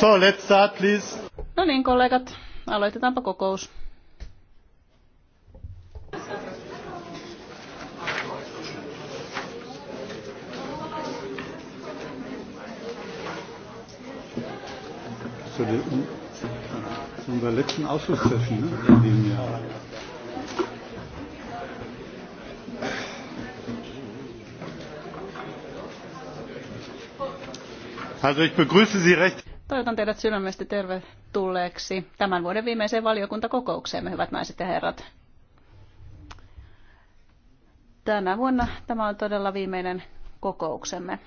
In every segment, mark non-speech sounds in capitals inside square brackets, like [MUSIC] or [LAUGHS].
So, let's start, please. No niin, kollegat, aloitetaanpa kokous. Zu, äh, unserer letzten Ausschusstreffen ne, in diesem Jahr. Also ich begrüße Sie recht toivotan teidät sydämestä tervetulleeksi tämän vuoden viimeiseen valiokuntakokoukseen me hyvät naiset ja herrat. Tänä vuonna tämä on todella viimeinen kokouksemme.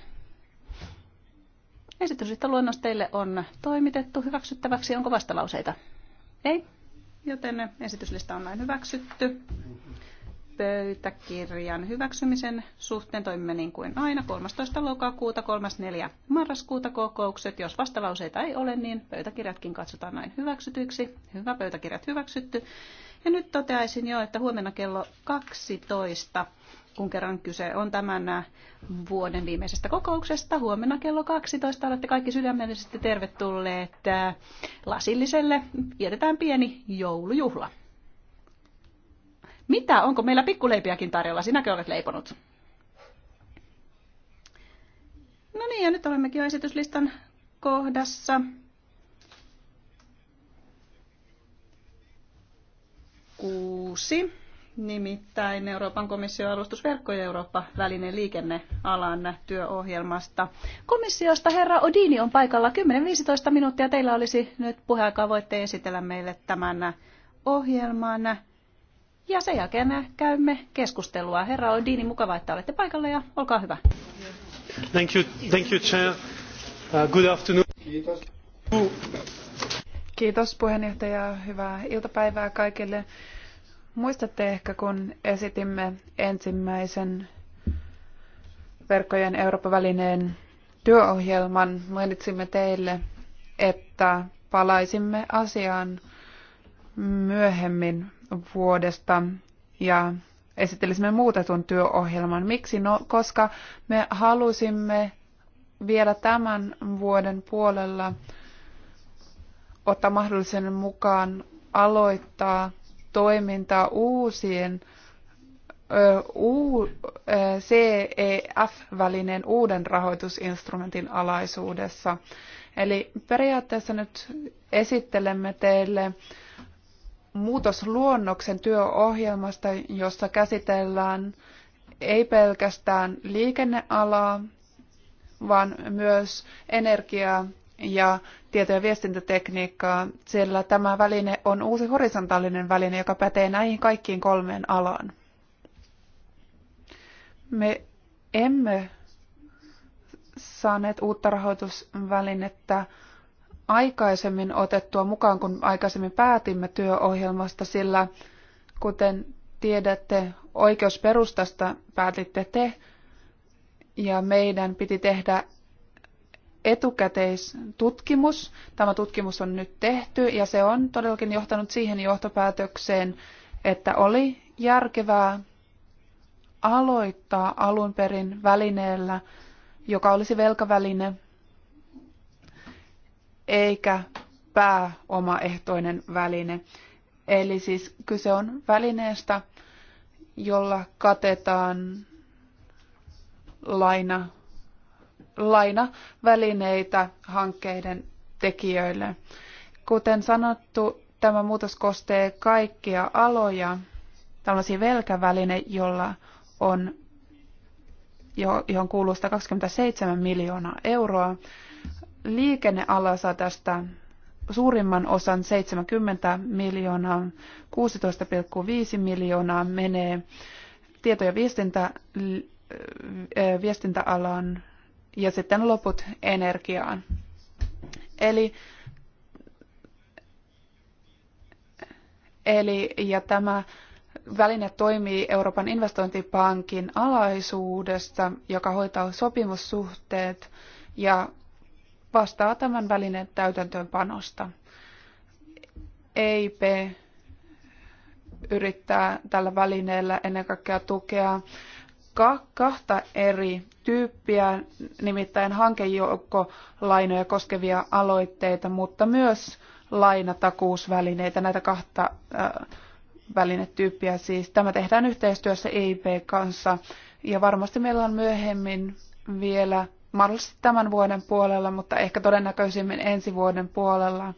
Esitysistä luonnos teille on toimitettu hyväksyttäväksi. Onko vastalauseita? Ei, joten esityslista on näin hyväksytty pöytäkirjan hyväksymisen suhteen toimimme niin kuin aina 13. lokakuuta, 3.4. marraskuuta kokoukset. Jos vastalauseita ei ole, niin pöytäkirjatkin katsotaan näin hyväksytyiksi. Hyvä, pöytäkirjat hyväksytty. Ja nyt toteaisin jo, että huomenna kello 12, kun kerran kyse on tämän vuoden viimeisestä kokouksesta, huomenna kello 12 olette kaikki sydämellisesti tervetulleet äh, lasilliselle. Vietetään pieni joulujuhla. Mitä, onko meillä pikkuleipiäkin tarjolla? Sinäkö olet leiponut? No niin, ja nyt olemmekin jo esityslistan kohdassa. Kuusi. Nimittäin Euroopan komission alustusverkko ja Eurooppa-välinen liikennealan työohjelmasta. Komissiosta herra Odini on paikalla 10-15 minuuttia. Teillä olisi nyt puheaikaa. Voitte esitellä meille tämän ohjelman ja sen jälkeen me käymme keskustelua. Herra Oldini, mukava, että olette paikalla ja olkaa hyvä. Thank you, thank you, chair. Uh, good afternoon. Kiitos. Kiitos puheenjohtaja. Hyvää iltapäivää kaikille. Muistatte ehkä, kun esitimme ensimmäisen verkkojen Eurooppa-välineen työohjelman, mainitsimme teille, että palaisimme asiaan myöhemmin vuodesta ja esittelisimme muutetun työohjelman. Miksi? No, koska me halusimme vielä tämän vuoden puolella ottaa mahdollisen mukaan aloittaa toimintaa uusien CEF-välinen uuden rahoitusinstrumentin alaisuudessa. Eli periaatteessa nyt esittelemme teille muutosluonnoksen työohjelmasta, jossa käsitellään ei pelkästään liikennealaa, vaan myös energiaa ja tieto- ja viestintätekniikkaa, sillä tämä väline on uusi horisontaalinen väline, joka pätee näihin kaikkiin kolmeen alaan. Me emme saaneet uutta rahoitusvälinettä aikaisemmin otettua mukaan, kun aikaisemmin päätimme työohjelmasta, sillä kuten tiedätte, oikeusperustasta päätitte te, ja meidän piti tehdä etukäteistutkimus. Tämä tutkimus on nyt tehty, ja se on todellakin johtanut siihen johtopäätökseen, että oli järkevää aloittaa alun perin välineellä, joka olisi velkaväline – eikä pääomaehtoinen väline. Eli siis kyse on välineestä, jolla katetaan laina, välineitä hankkeiden tekijöille. Kuten sanottu, tämä muutos koskee kaikkia aloja. Tällaisia velkäväline, jolla on, johon kuuluu 127 miljoonaa euroa liikenneala saa tästä suurimman osan 70 miljoonaa, 16,5 miljoonaa menee tieto- ja viestintä, viestintäalaan ja sitten loput energiaan. Eli, eli ja tämä väline toimii Euroopan investointipankin alaisuudessa, joka hoitaa sopimussuhteet ja vastaa tämän välineen täytäntöönpanosta. EIP yrittää tällä välineellä ennen kaikkea tukea ka- kahta eri tyyppiä, nimittäin hankejoukkolainoja koskevia aloitteita, mutta myös lainatakuusvälineitä, näitä kahta äh, välinetyyppiä siis. Tämä tehdään yhteistyössä EIP kanssa ja varmasti meillä on myöhemmin vielä mahdollisesti tämän vuoden puolella, mutta ehkä todennäköisimmin ensi vuoden puolella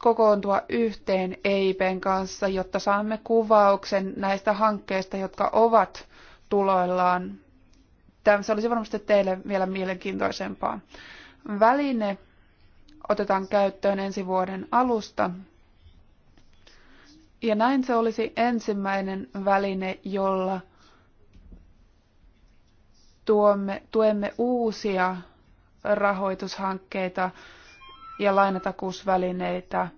kokoontua yhteen EIPn kanssa, jotta saamme kuvauksen näistä hankkeista, jotka ovat tuloillaan. Tämä, se olisi varmasti teille vielä mielenkiintoisempaa. Väline otetaan käyttöön ensi vuoden alusta. Ja näin se olisi ensimmäinen väline, jolla – tuomme, tuemme uusia rahoitushankkeita ja lainatakuusvälineitä.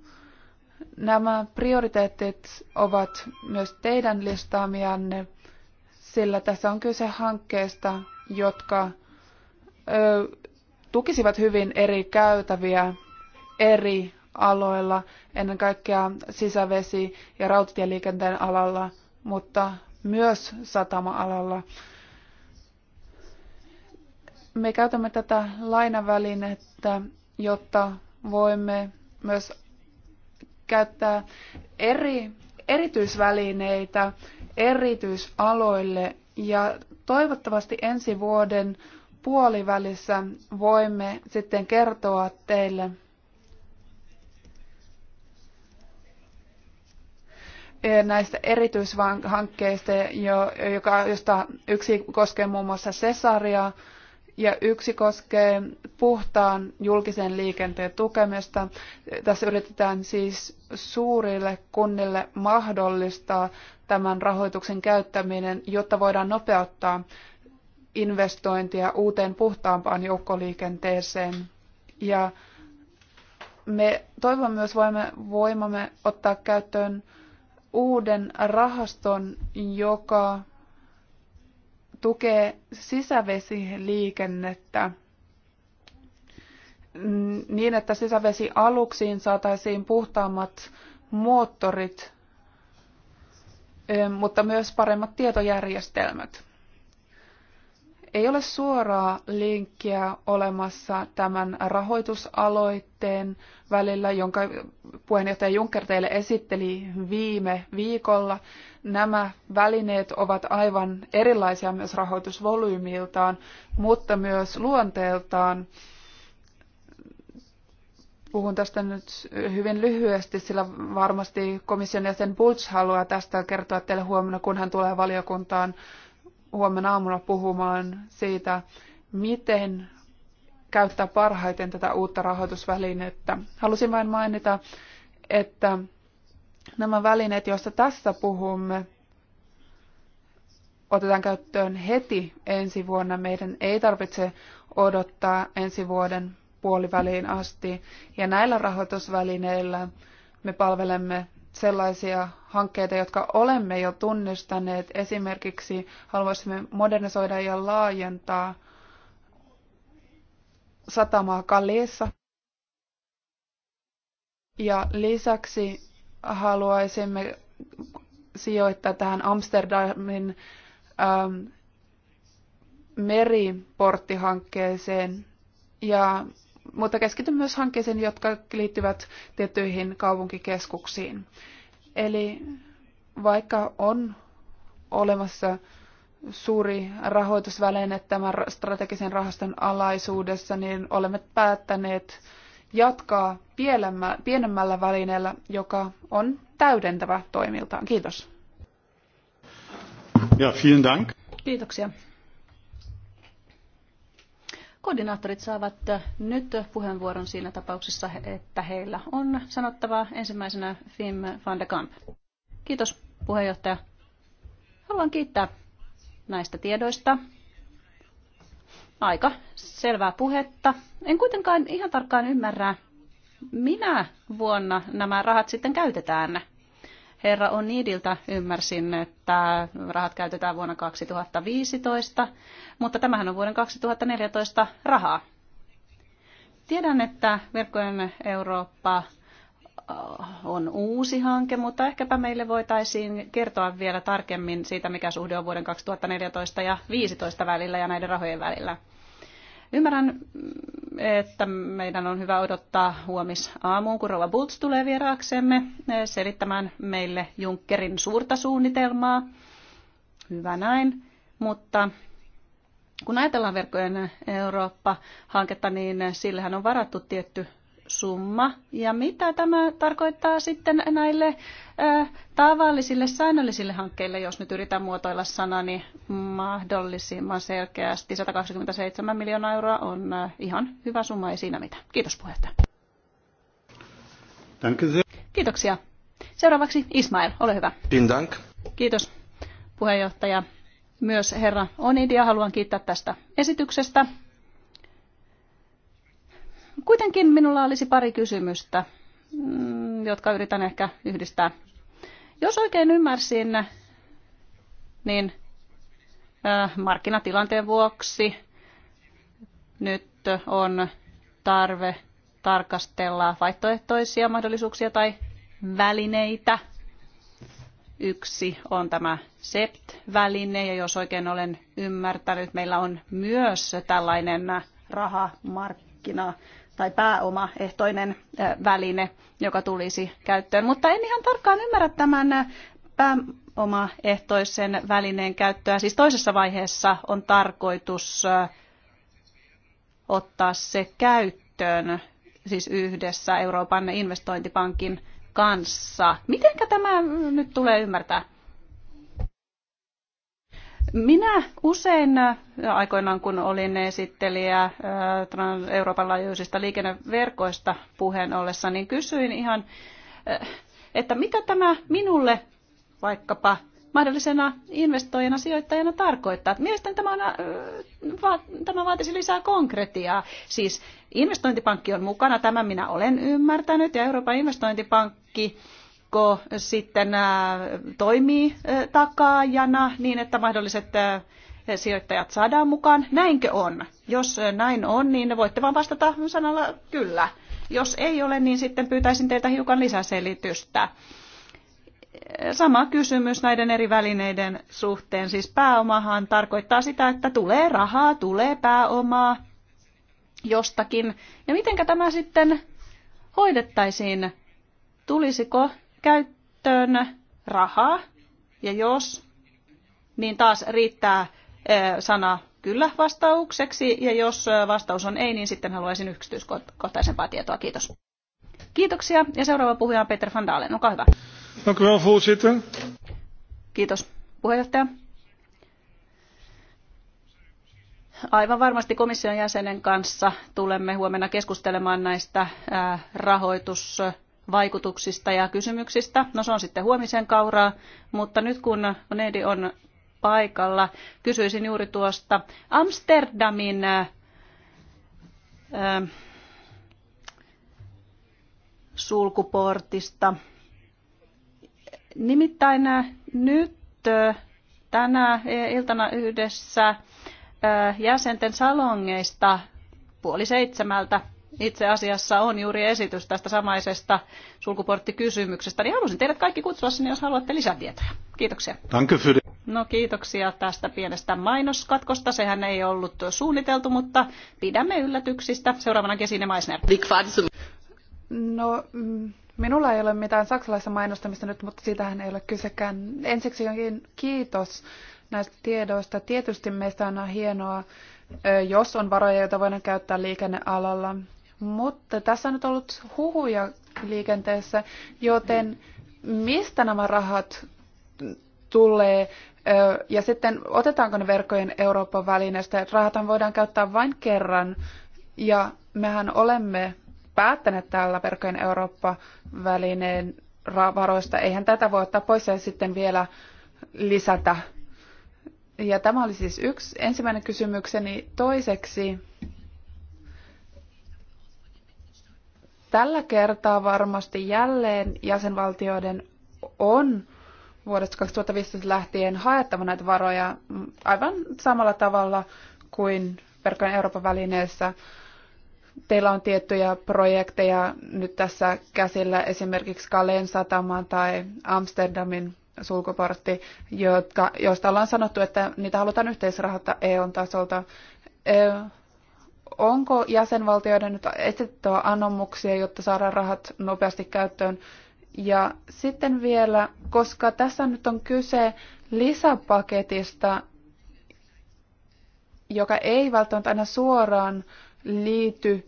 Nämä prioriteetit ovat myös teidän listaamianne, sillä tässä on kyse hankkeista, jotka ö, tukisivat hyvin eri käytäviä eri aloilla, ennen kaikkea sisävesi- ja rautatieliikenteen alalla, mutta myös satama-alalla. Me käytämme tätä lainavälinettä, jotta voimme myös käyttää eri, erityisvälineitä erityisaloille ja toivottavasti ensi vuoden puolivälissä voimme sitten kertoa teille e, näistä erityishankkeista, joka, josta yksi koskee muun muassa Cesaria, ja yksi koskee puhtaan julkisen liikenteen tukemista. Tässä yritetään siis suurille kunnille mahdollistaa tämän rahoituksen käyttäminen, jotta voidaan nopeuttaa investointia uuteen puhtaampaan joukkoliikenteeseen. Ja me toivon myös voimme, voimamme ottaa käyttöön uuden rahaston, joka tukee sisävesiliikennettä niin, että sisävesialuksiin saataisiin puhtaammat moottorit, eh, mutta myös paremmat tietojärjestelmät. Ei ole suoraa linkkiä olemassa tämän rahoitusaloitteen välillä, jonka puheenjohtaja Juncker teille esitteli viime viikolla. Nämä välineet ovat aivan erilaisia myös rahoitusvolyymiltaan, mutta myös luonteeltaan puhun tästä nyt hyvin lyhyesti, sillä varmasti komission jäsen Bulls haluaa tästä kertoa teille huomenna, kun hän tulee valiokuntaan huomenna aamulla puhumaan siitä, miten käyttää parhaiten tätä uutta rahoitusvälinettä. Halusin vain mainita, että nämä välineet, joista tässä puhumme, otetaan käyttöön heti ensi vuonna. Meidän ei tarvitse odottaa ensi vuoden puoliväliin asti. Ja näillä rahoitusvälineillä me palvelemme sellaisia hankkeita, jotka olemme jo tunnistaneet. Esimerkiksi haluaisimme modernisoida ja laajentaa satamaa Kaliissa. Ja lisäksi haluaisimme sijoittaa tähän Amsterdamin ähm, meriporttihankkeeseen. Ja mutta keskityn myös hankkeisiin, jotka liittyvät tiettyihin kaupunkikeskuksiin. Eli vaikka on olemassa suuri rahoitusväline tämän strategisen rahaston alaisuudessa, niin olemme päättäneet jatkaa pienemmällä välineellä, joka on täydentävä toimiltaan. Kiitos. Ja, vielen dank. Kiitoksia. Koordinaattorit saavat äh, nyt puheenvuoron siinä tapauksessa, että heillä on sanottavaa ensimmäisenä Fim van de Kamp. Kiitos puheenjohtaja. Haluan kiittää näistä tiedoista. Aika selvää puhetta. En kuitenkaan ihan tarkkaan ymmärrä, minä vuonna nämä rahat sitten käytetään herra Onidilta ymmärsin, että rahat käytetään vuonna 2015, mutta tämähän on vuoden 2014 rahaa. Tiedän, että verkkojen Eurooppa äh, on uusi hanke, mutta ehkäpä meille voitaisiin kertoa vielä tarkemmin siitä, mikä suhde on vuoden 2014 ja 2015 välillä ja näiden rahojen välillä. Ymmärrän, että meidän on hyvä odottaa huomis aamuun, kun Rova Bultz tulee vieraaksemme eh, selittämään meille Junckerin suurta suunnitelmaa. Hyvä näin, mutta kun ajatellaan verkkojen Eurooppa-hanketta, niin sillähän on varattu tietty summa ja mitä tämä tarkoittaa sitten näille tavallisille säännöllisille hankkeille, jos nyt yritän muotoilla sanani mahdollisimman selkeästi. 127 miljoonaa euroa on ihan hyvä summa, ei siinä mitään. Kiitos puheenjohtaja. Kiitoksia. Seuraavaksi Ismail, ole hyvä. Dank. Kiitos puheenjohtaja. Myös herra Onidia haluan kiittää tästä esityksestä. Kuitenkin minulla olisi pari kysymystä, mm, jotka yritän ehkä yhdistää. Jos oikein ymmärsin, niin äh, markkinatilanteen vuoksi nyt on tarve tarkastella vaihtoehtoisia mahdollisuuksia tai välineitä. Yksi on tämä SEPT-väline, ja jos oikein olen ymmärtänyt, meillä on myös tällainen rahamarkkina tai pääomaehtoinen väline, joka tulisi käyttöön. Mutta en ihan tarkkaan ymmärrä tämän pääomaehtoisen välineen käyttöä. Siis toisessa vaiheessa on tarkoitus ottaa se käyttöön, siis yhdessä Euroopan investointipankin kanssa. Mitenkä tämä nyt tulee ymmärtää? Minä usein äh, aikoinaan, kun olin esittelijä äh, Euroopan laajuisista liikenneverkoista puheen ollessa, niin kysyin ihan, äh, että mitä tämä minulle vaikkapa mahdollisena investoijana, sijoittajana tarkoittaa. Mielestäni tämä, on, tämä vaatisi lisää konkretiaa. Siis investointipankki on mukana, tämä minä olen ymmärtänyt, ja Euroopan investointipankki kirkko sitten äh, toimii äh, takaajana niin, että mahdolliset äh, sijoittajat saadaan mukaan. Näinkö on? Jos näin on, niin voitte vaan vastata sanalla kyllä. Jos ei ole, niin sitten pyytäisin teiltä hiukan lisäselitystä. Sama kysymys näiden eri välineiden suhteen. Siis pääomahan tarkoittaa sitä, että tulee rahaa, tulee pääomaa jostakin. Ja mitenkä tämä sitten hoidettaisiin? Tulisiko käyttöön rahaa, ja jos, niin taas riittää sana kyllä vastaukseksi, ja jos vastaus on ei, niin sitten haluaisin yksityiskohtaisempaa tietoa. Kiitos. Kiitoksia, ja seuraava puhuja on Peter van Dalen. Olkaa hyvä. Kiitos, puheenjohtaja. Aivan varmasti komission jäsenen kanssa tulemme huomenna keskustelemaan näistä rahoitus- vaikutuksista ja kysymyksistä. No se on sitten huomisen kauraa, mutta nyt kun Nedi on paikalla, kysyisin juuri tuosta Amsterdamin ää, äh, sulkuportista. Nimittäin äh, nyt äh, tänä iltana yhdessä jäsenten salongeista puoli seitsemältä itse asiassa on juuri esitys tästä samaisesta sulkuporttikysymyksestä, niin haluaisin teidät kaikki kutsua sinne, jos haluatte lisätietoja. Kiitoksia. Danke für No kiitoksia tästä pienestä mainoskatkosta. Sehän ei ollut suunniteltu, mutta pidämme yllätyksistä. Seuraavana Kesine Meissner. No, mm, minulla ei ole mitään saksalaista mainostamista nyt, mutta siitähän ei ole kysekään. Ensiksi jonkin kiitos näistä tiedoista. Tietysti meistä on hienoa, jos on varoja, joita voidaan käyttää liikennealalla. Mutta tässä on nyt ollut huhuja liikenteessä, joten mistä nämä rahat tulee ja sitten otetaanko ne verkkojen Euroopan välineestä. Rahathan voidaan käyttää vain kerran ja mehän olemme päättäneet täällä verkkojen Eurooppa-välineen varoista. Eihän tätä voi ottaa pois ja sitten vielä lisätä. Ja tämä oli siis yksi ensimmäinen kysymykseni. Toiseksi Tällä kertaa varmasti jälleen jäsenvaltioiden on vuodesta 2015 lähtien haettava näitä varoja aivan samalla tavalla kuin verkkojen Euroopan välineessä. Teillä on tiettyjä projekteja nyt tässä käsillä, esimerkiksi Kaleen satama tai Amsterdamin sulkuportti, jotka, joista ollaan sanottu, että niitä halutaan yhteisrahoittaa eu tasolta. E onko jäsenvaltioiden nyt esitettävä anomuksia, jotta saadaan rahat nopeasti käyttöön? Ja sitten vielä, koska tässä nyt on kyse lisäpaketista, joka ei välttämättä aina suoraan liity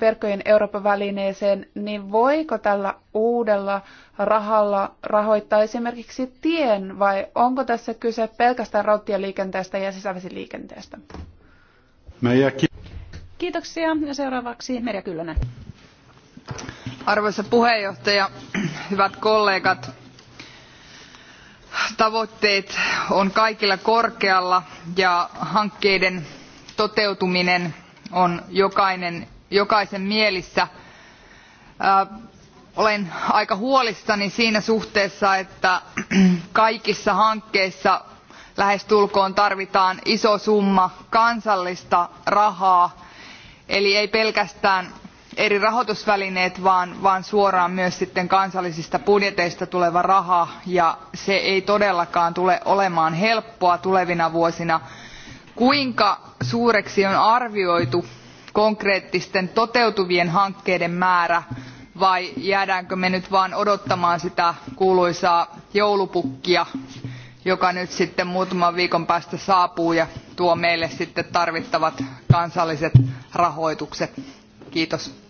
verkkojen Euroopan välineeseen, niin voiko tällä uudella rahalla rahoittaa esimerkiksi tien vai onko tässä kyse pelkästään rautatieliikenteestä ja sisävesiliikenteestä? Kiitoksia ja seuraavaksi Merja Kyllönen. Arvoisa puheenjohtaja, hyvät kollegat, tavoitteet on kaikilla korkealla ja hankkeiden toteutuminen on jokainen, jokaisen mielissä. Ää, äh, olen aika huolissani siinä suhteessa että kaikissa hankkeissa lähestulkoon tarvitaan iso summa kansallista rahaa eli ei pelkästään eri rahoitusvälineet vaan, vaan suoraan myös sitten kansallisista budjeteista tuleva raha ja se ei todellakaan tule olemaan helppoa tulevina vuosina. kuinka suureksi on arvioitu konkreettisten toteutuvien hankkeiden määrä vai jäädäänkö me nyt vain odottamaan sitä kuuluisaa joulupukkia joka nyt sitten muutaman viikon päästä saapuu ja tuo meille sitten tarvittavat kansalliset rahoitukset. Kiitos.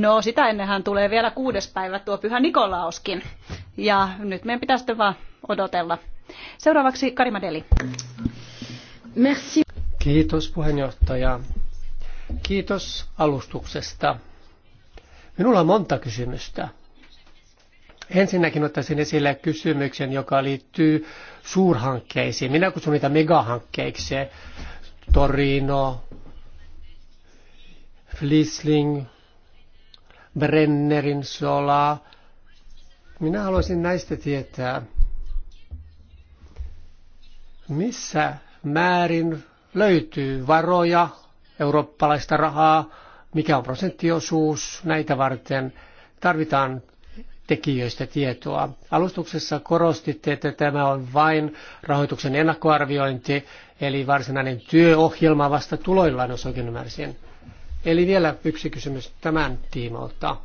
No sitä ennenhän tulee vielä kuudes päivä tuo Pyhä Nikolaoskin. Ja nyt meidän pitää sitten vaan odotella. Seuraavaksi Karima Deli. Merci. Kiitos puheenjohtaja. Kiitos alustuksesta. Minulla on monta kysymystä. Ensinnäkin ottaisin esille kysymyksen, joka liittyy suurhankkeisiin. Minä kutsun niitä megahankkeiksi. Torino, Flisling, Brennerin sola. Minä haluaisin näistä tietää, missä määrin löytyy varoja eurooppalaista rahaa, mikä on prosenttiosuus näitä varten. Tarvitaan tekijöistä tietoa. Alustuksessa korostitte, että tämä on vain rahoituksen ennakkoarviointi, eli varsinainen työohjelma vasta tuloillaan, jos oikein ymmärsin. Eli vielä yksi kysymys tämän tiimoilta.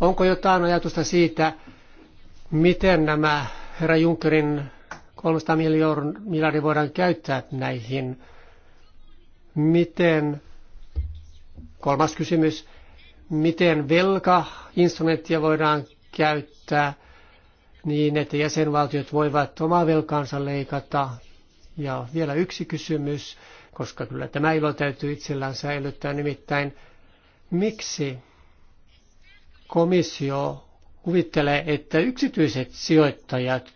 Onko jotain ajatusta siitä, miten nämä herra Junckerin 300 miljardin voidaan käyttää näihin? Miten Kolmas kysymys, miten velka-instrumenttia voidaan käyttää niin, että jäsenvaltiot voivat omaa velkaansa leikata. Ja vielä yksi kysymys, koska kyllä tämä ilo täytyy itsellään säilyttää, nimittäin miksi komissio kuvittelee, että yksityiset sijoittajat,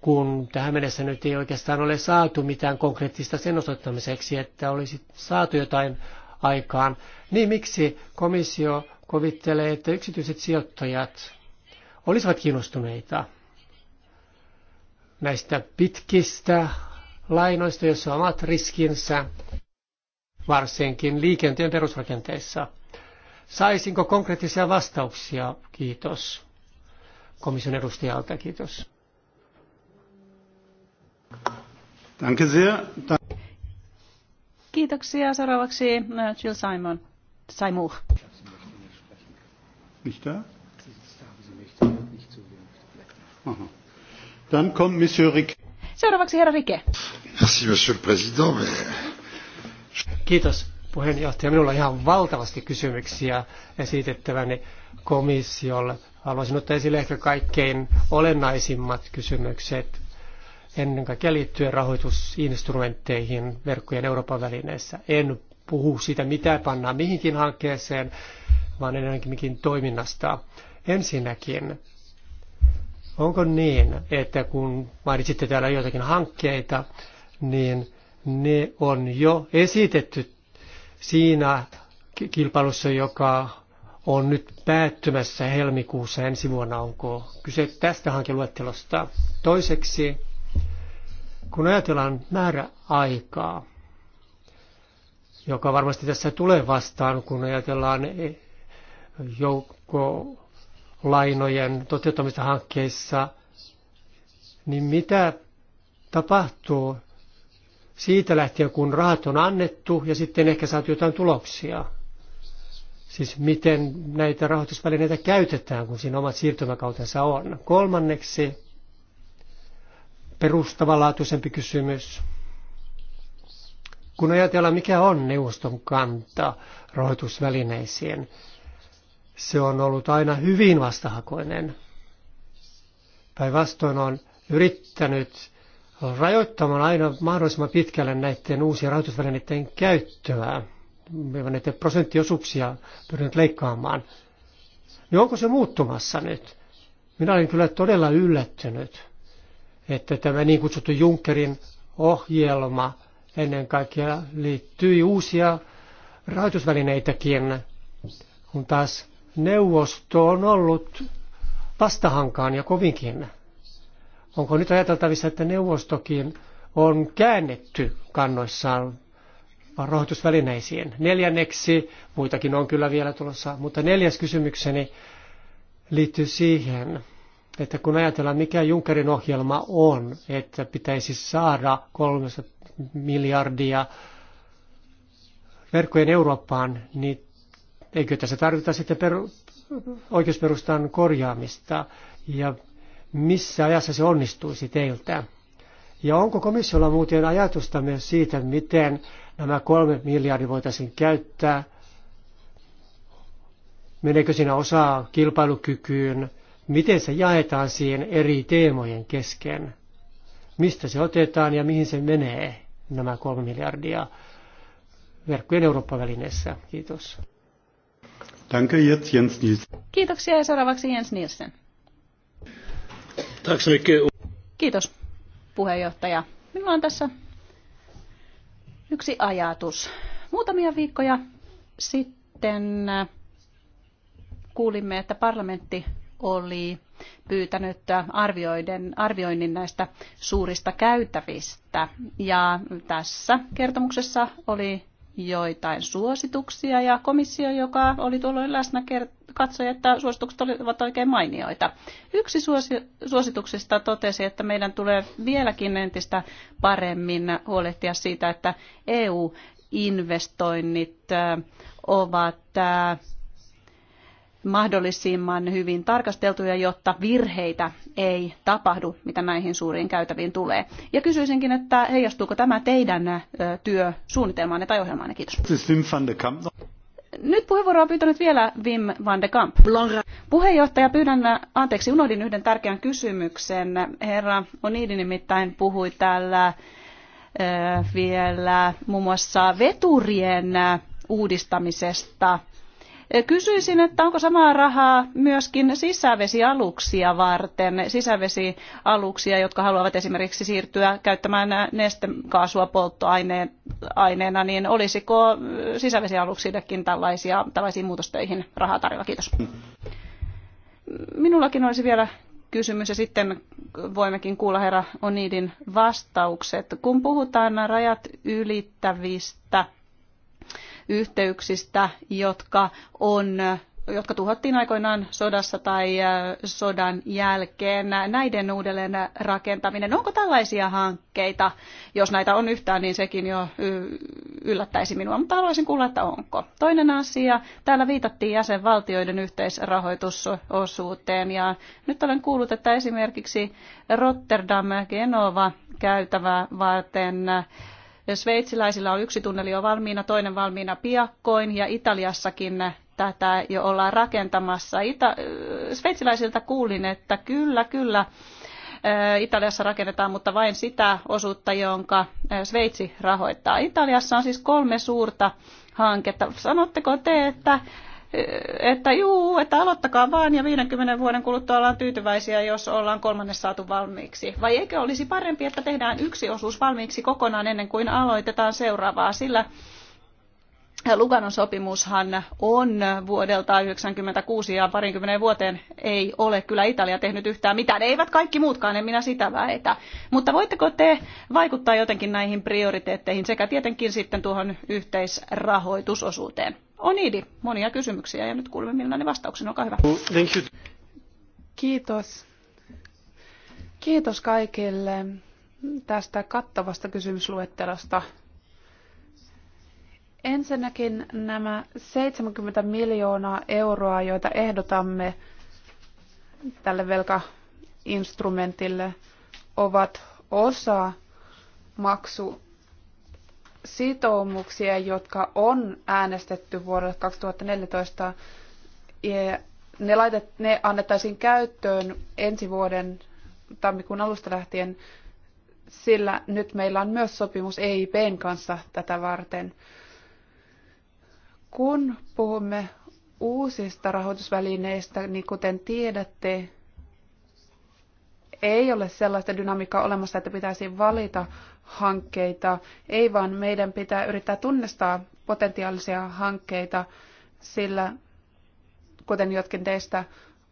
kun tähän mennessä nyt ei oikeastaan ole saatu mitään konkreettista sen osoittamiseksi, että olisi saatu jotain aikaan, niin miksi komissio kovittelee, että yksityiset sijoittajat olisivat kiinnostuneita näistä pitkistä lainoista, joissa on omat riskinsä, varsinkin liikenteen perusrakenteissa. Saisinko konkreettisia vastauksia? Kiitos. Komission edustajalta, kiitos. Danke sehr. Kiitoksia. Seuraavaksi äh, Jill Simon. Simon. Nicht da? Aha. Dann kommt Monsieur Rick. Seuraavaksi herra Rike. Merci, Monsieur le Président. Kiitos puheenjohtaja. Minulla on ihan valtavasti kysymyksiä esitettäväni komissiolle. Haluaisin ottaa esille ehkä kaikkein olennaisimmat kysymykset ennen kaikkea liittyen rahoitusinstrumentteihin verkkojen Euroopan välineissä. En puhu siitä, mitä pannaan mihinkin hankkeeseen, vaan enemmänkin toiminnasta. Ensinnäkin, onko niin, että kun mainitsitte täällä joitakin hankkeita, niin ne on jo esitetty siinä kilpailussa, joka on nyt päättymässä helmikuussa ensi vuonna. Onko kyse tästä hankeluettelosta? Toiseksi, kun ajatellaan määräaikaa, joka varmasti tässä tulee vastaan, kun ajatellaan joukkolainojen toteuttamista hankkeissa, niin mitä tapahtuu siitä lähtien, kun rahat on annettu ja sitten ehkä saatu jotain tuloksia? Siis miten näitä rahoitusvälineitä käytetään, kun siinä omat siirtymäkautensa on. Kolmanneksi, perustavanlaatuisempi kysymys. Kun ajatellaan, mikä on neuvoston kanta rahoitusvälineisiin, se on ollut aina hyvin vastahakoinen. Päinvastoin on yrittänyt rajoittamaan aina mahdollisimman pitkälle näiden uusien rahoitusvälineiden käyttöä, näiden prosenttiosuuksia pyrkinyt leikkaamaan. Niin onko se muuttumassa nyt? Minä olen kyllä todella yllättynyt että tämä niin kutsuttu Junckerin ohjelma ennen kaikkea liittyy uusia rahoitusvälineitäkin, kun taas neuvosto on ollut vastahankaan ja kovinkin. Onko nyt ajateltavissa, että neuvostokin on käännetty kannoissaan rahoitusvälineisiin? Neljänneksi, muitakin on kyllä vielä tulossa, mutta neljäs kysymykseni liittyy siihen, että kun ajatellaan, mikä Junckerin ohjelma on, että pitäisi saada 300 miljardia verkkojen Eurooppaan, niin eikö tässä tarvita sitten per- oikeusperustan korjaamista ja missä ajassa se onnistuisi teiltä? Ja onko komissiolla muuten ajatusta myös siitä, miten nämä kolme miljardia voitaisiin käyttää? Meneekö siinä osaa kilpailukykyyn miten se jaetaan siihen eri teemojen kesken. Mistä se otetaan ja mihin se menee, nämä kolme miljardia verkkojen Eurooppa-välineessä. Kiitos. Danke, jetzt Jens Nielsen. Kiitoksia ja seuraavaksi Jens Nielsen. Kiitos puheenjohtaja. Minulla on tässä yksi ajatus. Muutamia viikkoja sitten kuulimme, että parlamentti oli pyytänyt arvioiden, arvioinnin näistä suurista käytävistä. Ja tässä kertomuksessa oli joitain suosituksia ja komissio, joka oli tuolloin läsnä, katsoi, että suositukset olivat oikein mainioita. Yksi suosituksista totesi, että meidän tulee vieläkin entistä paremmin huolehtia siitä, että EU-investoinnit ovat mahdollisimman hyvin tarkasteltuja, jotta virheitä ei tapahdu, mitä näihin suuriin käytäviin tulee. Ja kysyisinkin, että heijastuuko tämä teidän työsuunnitelmaanne tai ohjelmaanne? Kiitos. Nyt puheenvuoroa on pyytänyt vielä Wim van de Kamp. Puheenjohtaja, pyydän anteeksi, unohdin yhden tärkeän kysymyksen. Herra Onidi nimittäin puhui täällä vielä muun muassa veturien uudistamisesta Kysyisin, että onko samaa rahaa myöskin sisävesialuksia varten, sisävesialuksia, jotka haluavat esimerkiksi siirtyä käyttämään nestekaasua polttoaineena, niin olisiko sisävesialuksillekin tällaisia, tällaisiin muutostöihin rahaa tarjolla? Kiitos. Minullakin olisi vielä kysymys ja sitten voimmekin kuulla herra Onidin vastaukset. Kun puhutaan rajat ylittävistä yhteyksistä, jotka, on, jotka tuhottiin aikoinaan sodassa tai äh, sodan jälkeen. Näiden uudelleen rakentaminen, onko tällaisia hankkeita? Jos näitä on yhtään, niin sekin jo yllättäisi minua, mutta haluaisin kuulla, että onko. Toinen asia, täällä viitattiin jäsenvaltioiden yhteisrahoitusosuuteen ja nyt olen kuullut, että esimerkiksi Rotterdam-Genova käytävää varten Sveitsiläisillä on yksi tunneli jo valmiina, toinen valmiina piakkoin ja Italiassakin tätä jo ollaan rakentamassa. Ita- äh, Sveitsiläisiltä kuulin, että kyllä, kyllä. Äh, Italiassa rakennetaan, mutta vain sitä osuutta, jonka äh, Sveitsi rahoittaa. Italiassa on siis kolme suurta hanketta. Sanotteko te, että että juu, että aloittakaa vaan ja 50 vuoden kuluttua ollaan tyytyväisiä, jos ollaan kolmannes saatu valmiiksi. Vai eikö olisi parempi, että tehdään yksi osuus valmiiksi kokonaan ennen kuin aloitetaan seuraavaa, sillä Luganon sopimushan on vuodelta 1996 ja parinkymmenen vuoteen ei ole kyllä Italia tehnyt yhtään mitään. Eivät kaikki muutkaan, en minä sitä väitä. Mutta voitteko te vaikuttaa jotenkin näihin prioriteetteihin sekä tietenkin sitten tuohon yhteisrahoitusosuuteen? On iidi monia kysymyksiä ja nyt kuulemme millainen vastauksen. Olkaa hyvä. Kiitos. Kiitos kaikille tästä kattavasta kysymysluettelosta. Ensinnäkin nämä 70 miljoonaa euroa, joita ehdotamme tälle velkainstrumentille, ovat osa maksusitoumuksia, jotka on äänestetty vuodelle 2014. Ja ne, laitet, ne annettaisiin käyttöön ensi vuoden tammikuun alusta lähtien, sillä nyt meillä on myös sopimus EIPn kanssa tätä varten. Kun puhumme uusista rahoitusvälineistä, niin kuten tiedätte, ei ole sellaista dynamiikkaa olemassa, että pitäisi valita hankkeita. Ei vaan meidän pitää yrittää tunnistaa potentiaalisia hankkeita, sillä kuten jotkin teistä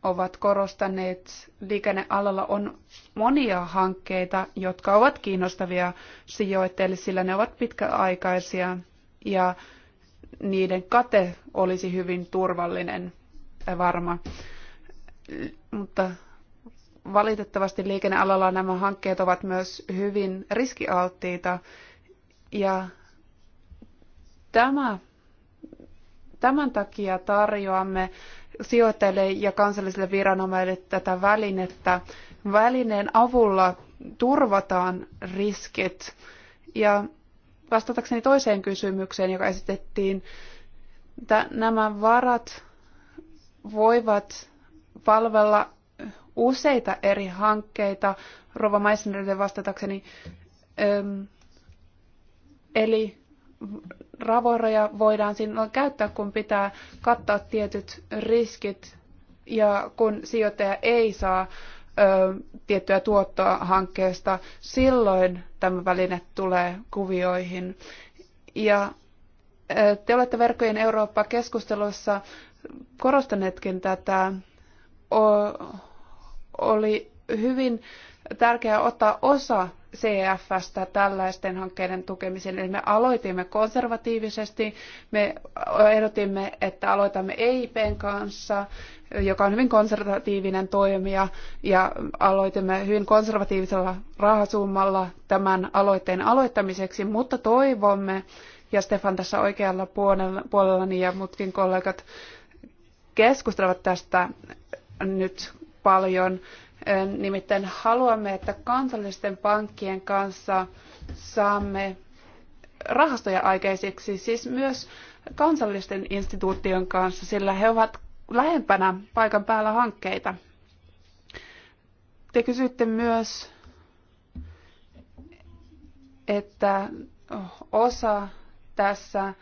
ovat korostaneet, liikennealalla on monia hankkeita, jotka ovat kiinnostavia sijoitteille, sillä ne ovat pitkäaikaisia ja niiden kate olisi hyvin turvallinen ja varma. Mutta valitettavasti liikennealalla nämä hankkeet ovat myös hyvin riskialttiita ja tämä, tämän takia tarjoamme sijoittajille ja kansallisille viranomaisille tätä välinettä. Välineen avulla turvataan riskit ja vastatakseni toiseen kysymykseen, joka esitettiin, että nämä varat voivat palvella useita eri hankkeita, Rova Meissnerille vastatakseni. Öm, eli ravoja voidaan silloin käyttää, kun pitää kattaa tietyt riskit ja kun sijoittaja ei saa ö, tiettyä tuottoa hankkeesta, silloin tämä väline tulee kuvioihin. Ja te olette verkkojen Eurooppa-keskustelussa korostaneetkin tätä. O, oli hyvin tärkeää ottaa osa CEFstä tällaisten hankkeiden tukemiseen. Eli me aloitimme konservatiivisesti, me ehdotimme, että aloitamme EIPn kanssa, joka on hyvin konservatiivinen toimija, ja aloitimme hyvin konservatiivisella rahasummalla tämän aloitteen aloittamiseksi, mutta toivomme, ja Stefan tässä oikealla puolellani ja muutkin kollegat keskustelevat tästä nyt paljon. Nimittäin haluamme, että kansallisten pankkien kanssa saamme rahastoja aikaiseksi, siis myös kansallisten instituution kanssa, sillä he ovat lähempänä paikan päällä hankkeita. Te kysytte myös, että osa tässä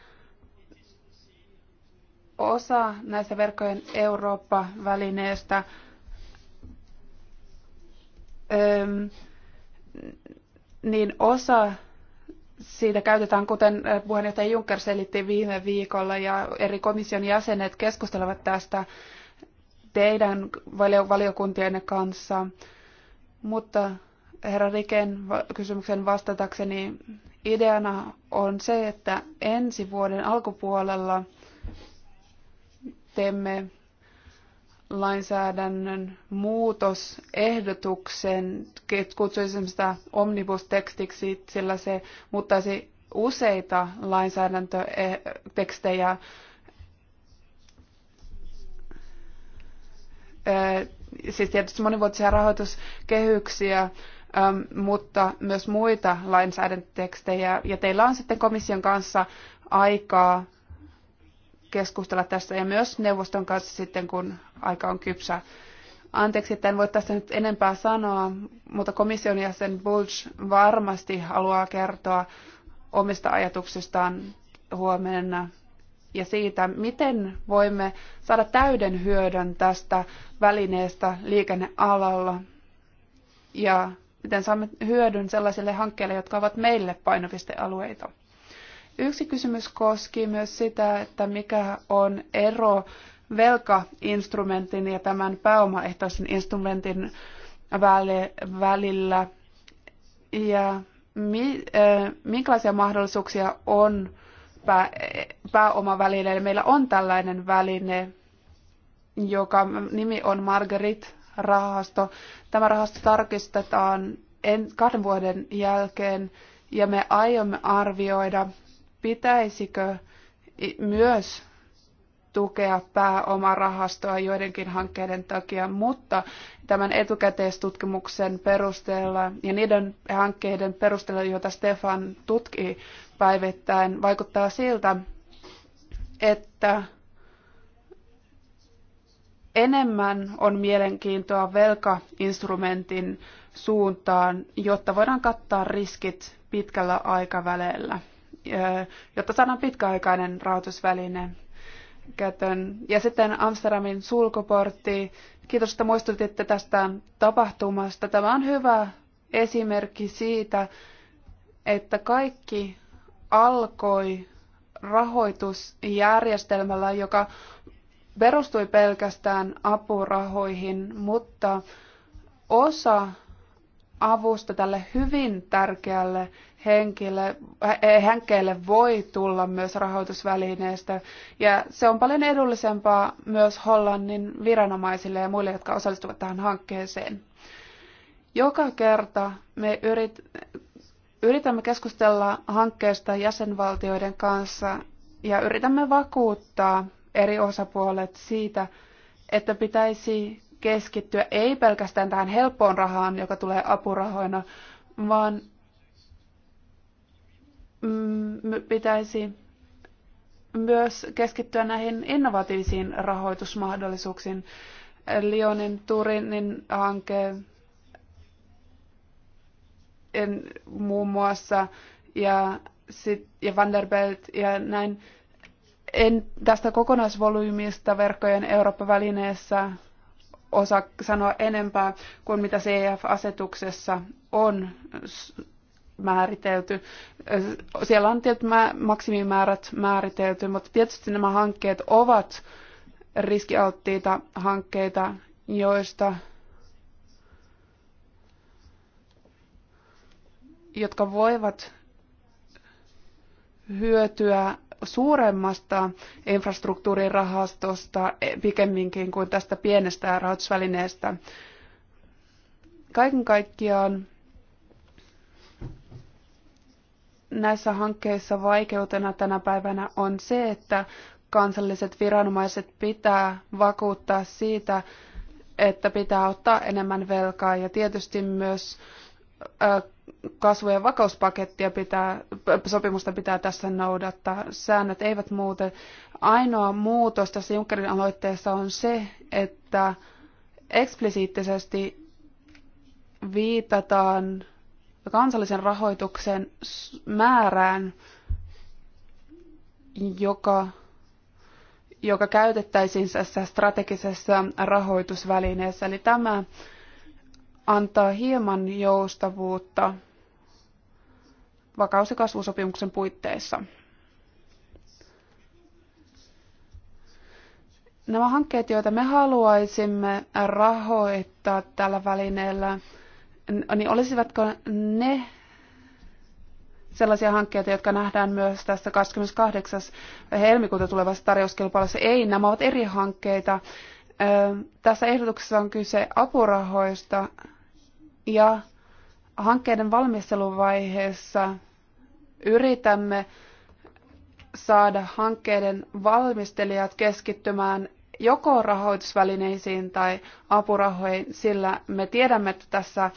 osa näistä verkkojen Eurooppa-välineestä niin osa siitä käytetään, kuten puheenjohtaja Juncker selitti viime viikolla, ja eri komission jäsenet keskustelevat tästä teidän valiokuntienne kanssa. Mutta herra Riken kysymyksen vastatakseni ideana on se, että ensi vuoden alkupuolella teemme lainsäädännön muutosehdotuksen, kutsuisin sitä omnibus-tekstiksi, sillä se muuttaisi useita lainsäädäntötekstejä siis tietysti monivuotisia rahoituskehyksiä, mutta myös muita lainsäädäntötekstejä. Ja teillä on sitten komission kanssa aikaa keskustella tästä ja myös neuvoston kanssa sitten, kun aika on kypsä. Anteeksi, että en voi tästä nyt enempää sanoa, mutta komission jäsen Bulge varmasti haluaa kertoa omista ajatuksistaan huomenna ja siitä, miten voimme saada täyden hyödyn tästä välineestä liikennealalla ja miten saamme hyödyn sellaisille hankkeille, jotka ovat meille painopistealueita. Yksi kysymys koski myös sitä, että mikä on ero velkainstrumentin ja tämän pääomaehtoisen instrumentin välillä. Ja mi, äh, minkälaisia mahdollisuuksia on pää, pääomavälineille? Meillä on tällainen väline, joka nimi on Margarit-rahasto. Tämä rahasto tarkistetaan en, kahden vuoden jälkeen ja me aiomme arvioida, pitäisikö myös tukea pääomarahastoa joidenkin hankkeiden takia, mutta tämän etukäteistutkimuksen perusteella ja niiden hankkeiden perusteella, joita Stefan tutkii päivittäin, vaikuttaa siltä, että enemmän on mielenkiintoa velkainstrumentin suuntaan, jotta voidaan kattaa riskit pitkällä aikavälillä, jotta saadaan pitkäaikainen rahoitusväline käyttöön. Ja sitten Amsterdamin sulkuportti. Kiitos, että muistutitte tästä tapahtumasta. Tämä on hyvä esimerkki siitä, että kaikki alkoi rahoitusjärjestelmällä, joka perustui pelkästään apurahoihin, mutta osa avusta tälle hyvin tärkeälle henkilölle eh, eh, hankkeelle voi tulla myös rahoitusvälineestä. Ja se on paljon edullisempaa myös Hollannin viranomaisille ja muille, jotka osallistuvat tähän hankkeeseen. Joka kerta me yrit, yritämme keskustella hankkeesta jäsenvaltioiden kanssa ja yritämme vakuuttaa eri osapuolet siitä, että pitäisi keskittyä ei pelkästään tähän helppoon rahaan, joka tulee apurahoina, vaan mm, pitäisi myös keskittyä näihin innovatiivisiin rahoitusmahdollisuuksiin. lionin Turinin hanke en, muun muassa ja, sit, ja Vanderbilt ja näin. En tästä kokonaisvolyymista verkkojen Eurooppa-välineessä osaa sanoa enempää kuin mitä CEF-asetuksessa on määritelty. Siellä on tietyt maksimimäärät määritelty, mutta tietysti nämä hankkeet ovat riskialttiita hankkeita, joista jotka voivat hyötyä suuremmasta infrastruktuurirahastosta e, pikemminkin kuin tästä pienestä rahoitusvälineestä. Kaiken kaikkiaan näissä hankkeissa vaikeutena tänä päivänä on se, että kansalliset viranomaiset pitää vakuuttaa siitä, että pitää ottaa enemmän velkaa ja tietysti myös kasvu- ja vakauspakettia pitää, sopimusta pitää tässä noudattaa. Säännöt eivät muuten. Ainoa muutos tässä Junckerin aloitteessa on se, että eksplisiittisesti viitataan kansallisen rahoituksen määrään, joka, joka käytettäisiin tässä strategisessa rahoitusvälineessä. Eli tämä antaa hieman joustavuutta vakaus- ja kasvusopimuksen puitteissa. Nämä hankkeet, joita me haluaisimme rahoittaa tällä välineellä, niin olisivatko ne sellaisia hankkeita, jotka nähdään myös tässä 28. helmikuuta tulevassa tarjouskilpailussa. Ei, nämä ovat eri hankkeita. Tässä ehdotuksessa on kyse apurahoista, ja hankkeiden valmisteluvaiheessa yritämme saada hankkeiden valmistelijat keskittymään joko rahoitusvälineisiin tai apurahoihin, sillä me tiedämme, että tässä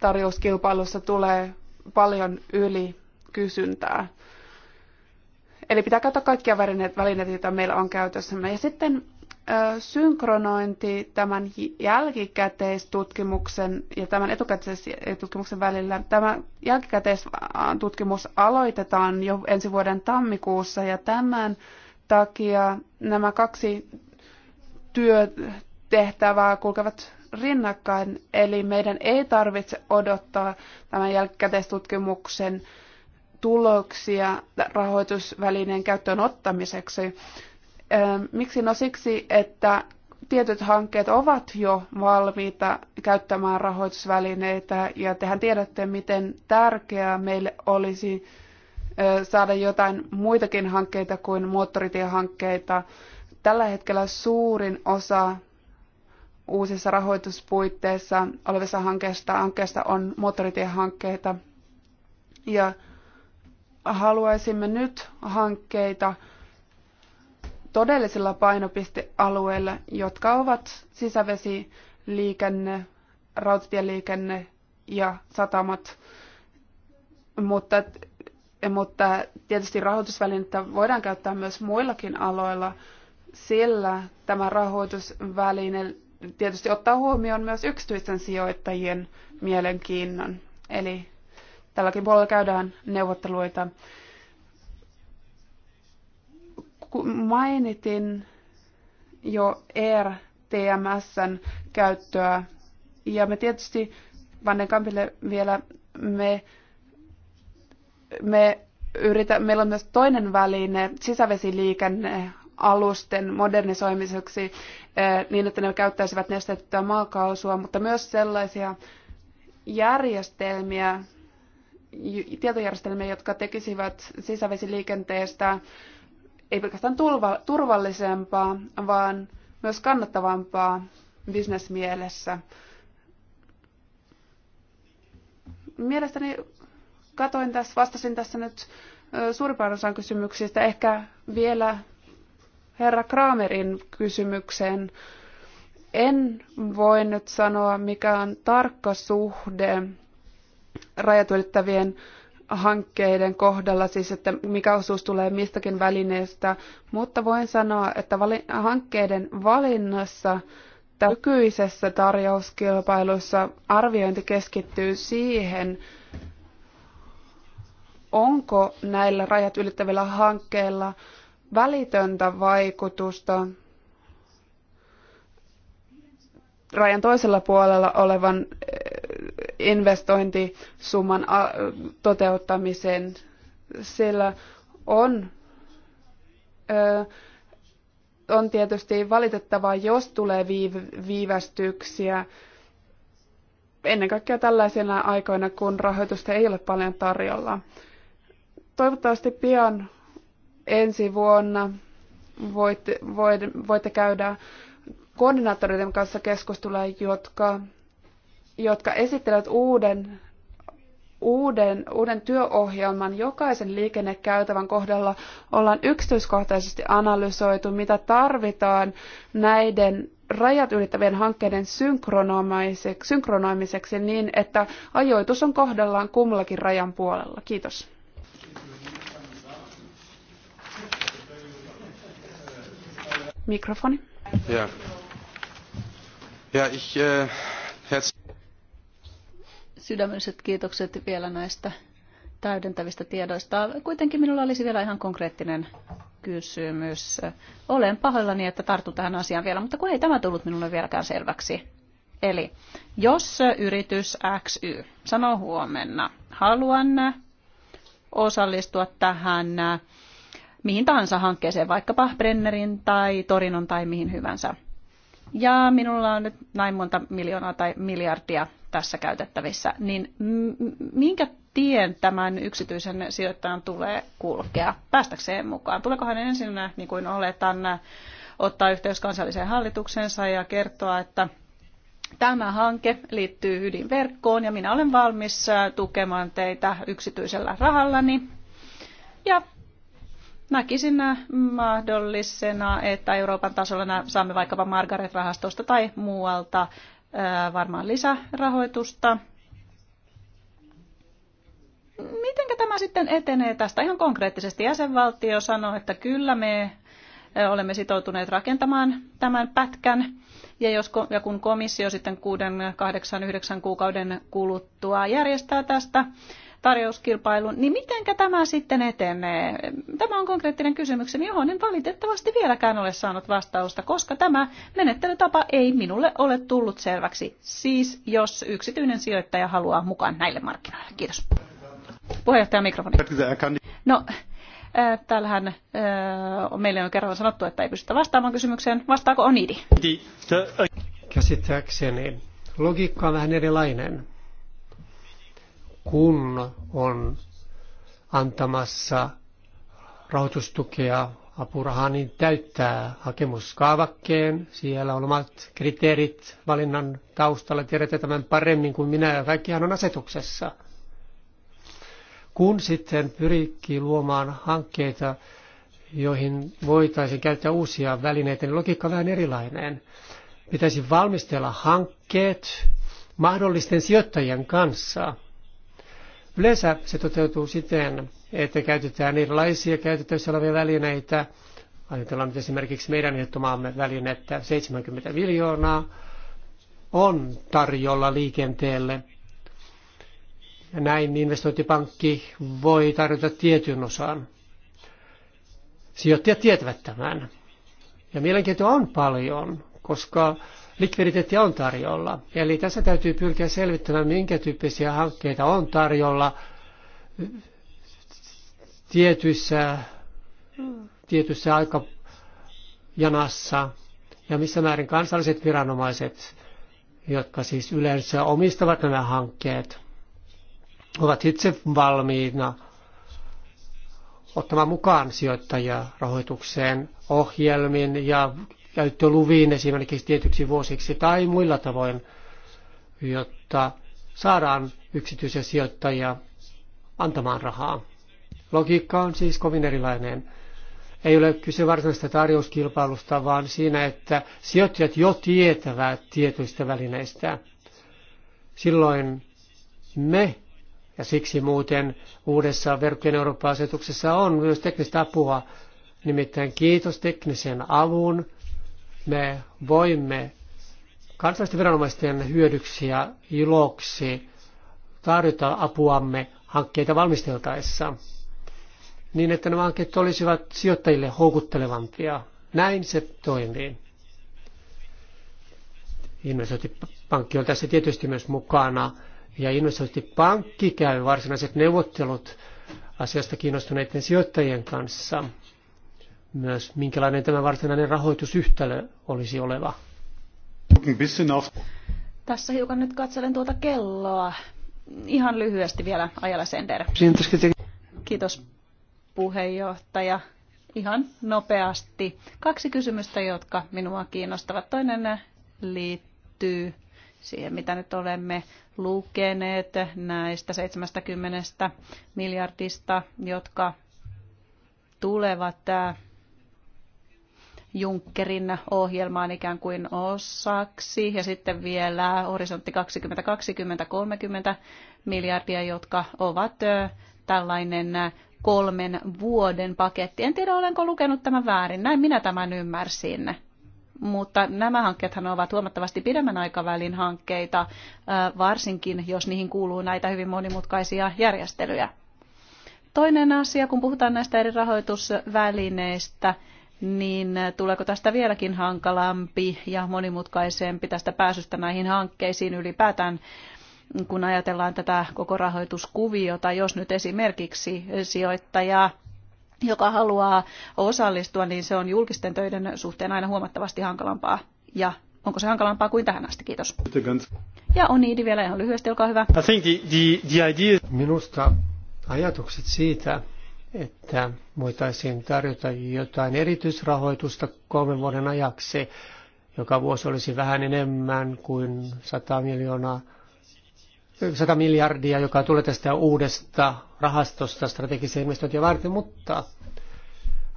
tarjouskilpailussa tulee paljon yli kysyntää. Eli pitää käyttää kaikkia välineitä, joita meillä on käytössämme. Ja sitten synkronointi tämän jälkikäteistutkimuksen ja tämän etukäteistutkimuksen välillä. Tämä jälkikäteistutkimus aloitetaan jo ensi vuoden tammikuussa ja tämän takia nämä kaksi työtehtävää kulkevat rinnakkain, eli meidän ei tarvitse odottaa tämän jälkikäteistutkimuksen tuloksia rahoitusvälineen käyttöön ottamiseksi. Miksi? No siksi, että tietyt hankkeet ovat jo valmiita käyttämään rahoitusvälineitä ja tehän tiedätte, miten tärkeää meille olisi saada jotain muitakin hankkeita kuin moottoritiehankkeita. Tällä hetkellä suurin osa uusissa rahoituspuitteissa olevissa hankkeista, hankkeista on moottoritiehankkeita. Ja haluaisimme nyt hankkeita, todellisilla painopistealueilla, jotka ovat sisävesiliikenne, rautatieliikenne ja satamat. Mutta, mutta tietysti rahoitusvälinettä voidaan käyttää myös muillakin aloilla, sillä tämä rahoitusväline tietysti ottaa huomioon myös yksityisten sijoittajien mielenkiinnon. Eli tälläkin puolella käydään neuvotteluita mainitin jo ERTMSn käyttöä. Ja me tietysti Vannekampille vielä me, me yritä, meillä on myös toinen väline sisävesiliikenne alusten modernisoimiseksi eh, niin, että ne käyttäisivät nestettyä maakaasua, mutta myös sellaisia järjestelmiä, tietojärjestelmiä, jotka tekisivät sisävesiliikenteestä ei pelkästään tulva, turvallisempaa, vaan myös kannattavampaa bisnesmielessä. Mielestäni katoin tässä, vastasin tässä nyt suurimpaan osaan kysymyksistä, ehkä vielä herra Kramerin kysymykseen. En voi nyt sanoa, mikä on tarkka suhde rajat ylittävien hankkeiden kohdalla, siis että mikä osuus tulee mistäkin välineestä, mutta voin sanoa, että vali- hankkeiden valinnassa nykyisessä tarjouskilpailussa arviointi keskittyy siihen, onko näillä rajat ylittävillä hankkeilla välitöntä vaikutusta rajan toisella puolella olevan investointisumman toteuttamiseen, sillä on, on tietysti valitettavaa, jos tulee viivästyksiä ennen kaikkea tällaisina aikoina, kun rahoitusta ei ole paljon tarjolla. Toivottavasti pian ensi vuonna voitte, voitte käydä koordinaattoreiden kanssa keskustelua, jotka jotka esittelevät uuden, uuden, uuden työohjelman. Jokaisen liikennekäytävän kohdalla ollaan yksityiskohtaisesti analysoitu, mitä tarvitaan näiden rajat ylittävien hankkeiden synkronoimiseksi niin, että ajoitus on kohdallaan kummallakin rajan puolella. Kiitos. Mikrofoni. Ja. Ja, ich, äh, herz sydämelliset kiitokset vielä näistä täydentävistä tiedoista. Kuitenkin minulla olisi vielä ihan konkreettinen kysymys. Olen pahoillani, että tartun tähän asiaan vielä, mutta kun ei tämä tullut minulle vieläkään selväksi. Eli jos yritys XY sanoo huomenna, haluan osallistua tähän mihin tahansa hankkeeseen, vaikkapa Brennerin tai Torinon tai mihin hyvänsä. Ja minulla on nyt näin monta miljoonaa tai miljardia tässä käytettävissä, niin minkä tien tämän yksityisen sijoittajan tulee kulkea päästäkseen mukaan? Tuleeko hän ensin, niin kuin oletan, ottaa yhteys kansalliseen hallituksensa ja kertoa, että tämä hanke liittyy ydinverkkoon ja minä olen valmis äh, tukemaan teitä yksityisellä rahallani. Ja näkisin äh, mahdollisena, että Euroopan tasolla saamme vaikkapa Margaret-rahastosta tai muualta varmaan lisärahoitusta. Miten tämä sitten etenee tästä ihan konkreettisesti? Jäsenvaltio sanoo, että kyllä me olemme sitoutuneet rakentamaan tämän pätkän. Ja, jos, ja kun komissio sitten 6, 8, 9 kuukauden kuluttua järjestää tästä tarjouskilpailun, niin mitenkä tämä sitten etenee? Tämä on konkreettinen kysymykseni, johon en valitettavasti vieläkään ole saanut vastausta, koska tämä menettelytapa ei minulle ole tullut selväksi. Siis jos yksityinen sijoittaja haluaa mukaan näille markkinoille. Kiitos. Puheenjohtaja mikrofoni. No, äh, Täällähän äh, meille on kerran sanottu, että ei pystytä vastaamaan kysymykseen. Vastaako Onidi? Käsittääkseni logiikka on vähän erilainen kun on antamassa rahoitustukea apurahaa, niin täyttää hakemuskaavakkeen. Siellä on omat kriteerit valinnan taustalla. Tiedätte tämän paremmin kuin minä ja kaikkihan on asetuksessa. Kun sitten pyrkii luomaan hankkeita, joihin voitaisiin käyttää uusia välineitä, niin logiikka on vähän erilainen. Pitäisi valmistella hankkeet mahdollisten sijoittajien kanssa – Yleensä se toteutuu siten, että käytetään erilaisia käytettävissä olevia välineitä. Ajatellaan nyt esimerkiksi meidän ehdottomaamme välinettä 70 miljoonaa on tarjolla liikenteelle. Ja näin investointipankki voi tarjota tietyn osan. Sijoittajat tietävät tämän. Ja mielenkiintoa on paljon, koska likviditeettiä on tarjolla. Eli tässä täytyy pyrkiä selvittämään, minkä tyyppisiä hankkeita on tarjolla tietyissä, tietyssä aikajanassa ja missä määrin kansalliset viranomaiset, jotka siis yleensä omistavat nämä hankkeet, ovat itse valmiina ottamaan mukaan sijoittajia rahoitukseen ohjelmin ja käyttöluviin esimerkiksi tietyksi vuosiksi tai muilla tavoin, jotta saadaan yksityisiä sijoittajia antamaan rahaa. Logiikka on siis kovin erilainen. Ei ole kyse varsinaisesta tarjouskilpailusta, vaan siinä, että sijoittajat jo tietävät tietyistä välineistä. Silloin me, ja siksi muuten uudessa verkkojen Eurooppa-asetuksessa on myös teknistä apua, nimittäin kiitos teknisen avun, me voimme kansallisten viranomaisten hyödyksi ja iloksi tarjota apuamme hankkeita valmisteltaessa, niin että nämä hankkeet olisivat sijoittajille houkuttelevampia. Näin se toimii. Investointipankki on tässä tietysti myös mukana, ja investointipankki käy varsinaiset neuvottelut asiasta kiinnostuneiden sijoittajien kanssa – myös, minkälainen tämä varsinainen rahoitusyhtälö olisi oleva. Tässä hiukan nyt katselen tuota kelloa. Ihan lyhyesti vielä Ajala Sender. Kiitos puheenjohtaja. Ihan nopeasti. Kaksi kysymystä, jotka minua kiinnostavat. Toinen liittyy siihen, mitä nyt olemme lukeneet näistä 70 miljardista, jotka tulevat Junckerin ohjelmaan ikään kuin osaksi ja sitten vielä horisontti 2020-30 miljardia, jotka ovat tällainen kolmen vuoden paketti. En tiedä, olenko lukenut tämän väärin. Näin minä tämän ymmärsin. Mutta nämä hankkeethan ovat huomattavasti pidemmän aikavälin hankkeita, varsinkin jos niihin kuuluu näitä hyvin monimutkaisia järjestelyjä. Toinen asia, kun puhutaan näistä eri rahoitusvälineistä, niin tuleeko tästä vieläkin hankalampi ja monimutkaisempi tästä pääsystä näihin hankkeisiin ylipäätään, kun ajatellaan tätä koko rahoituskuviota, jos nyt esimerkiksi sijoittaja joka haluaa osallistua, niin se on julkisten töiden suhteen aina huomattavasti hankalampaa. Ja onko se hankalampaa kuin tähän asti? Kiitos. Ja on Iidi vielä ihan lyhyesti, olkaa hyvä. I think the, the, the idea... Minusta ajatukset siitä, että voitaisiin tarjota jotain erityisrahoitusta kolmen vuoden ajaksi, joka vuosi olisi vähän enemmän kuin 100 miljoonaa 100 miljardia, joka tulee tästä uudesta rahastosta strategisen investointia varten, mutta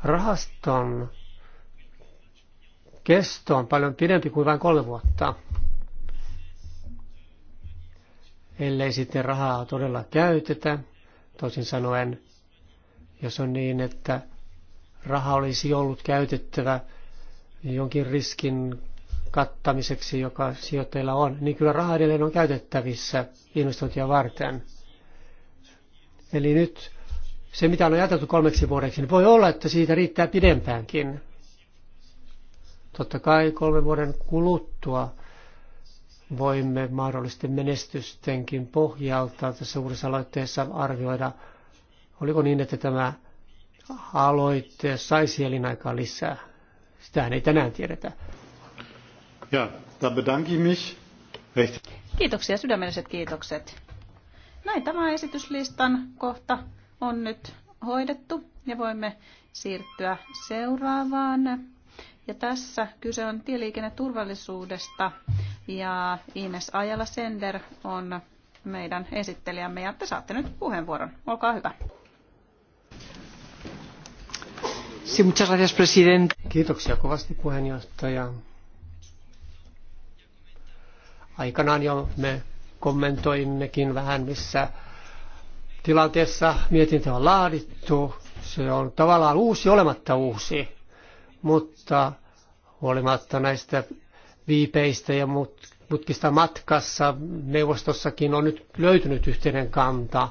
rahaston kesto on paljon pidempi kuin vain kolme vuotta. Ellei sitten rahaa todella käytetä, toisin sanoen jos on niin, että raha olisi ollut käytettävä jonkin riskin kattamiseksi, joka sijoittajilla on, niin kyllä raha edelleen on käytettävissä investointia varten. Eli nyt se, mitä on ajateltu kolmeksi vuodeksi, niin voi olla, että siitä riittää pidempäänkin. Totta kai kolmen vuoden kuluttua voimme mahdollisten menestystenkin pohjalta tässä uudessa aloitteessa arvioida Oliko niin, että tämä aloite saisi elinaikaa lisää? Sitähän ei tänään tiedetä. Ja, da bedanke mich. Recht. Kiitoksia, sydämelliset kiitokset. Näin tämä esityslistan kohta on nyt hoidettu ja voimme siirtyä seuraavaan. Ja tässä kyse on tieliikenneturvallisuudesta ja Ines Ajala-Sender on meidän esittelijämme ja te saatte nyt puheenvuoron. Olkaa hyvä arvoisa puhemies Kiitoksia kovasti puheenjohtaja. Aikanaan jo me kommentoimmekin vähän, missä tilanteessa mietintö on laadittu. Se on tavallaan uusi olematta uusi, mutta huolimatta näistä viipeistä ja mutkista matkassa neuvostossakin on nyt löytynyt yhteinen kanta.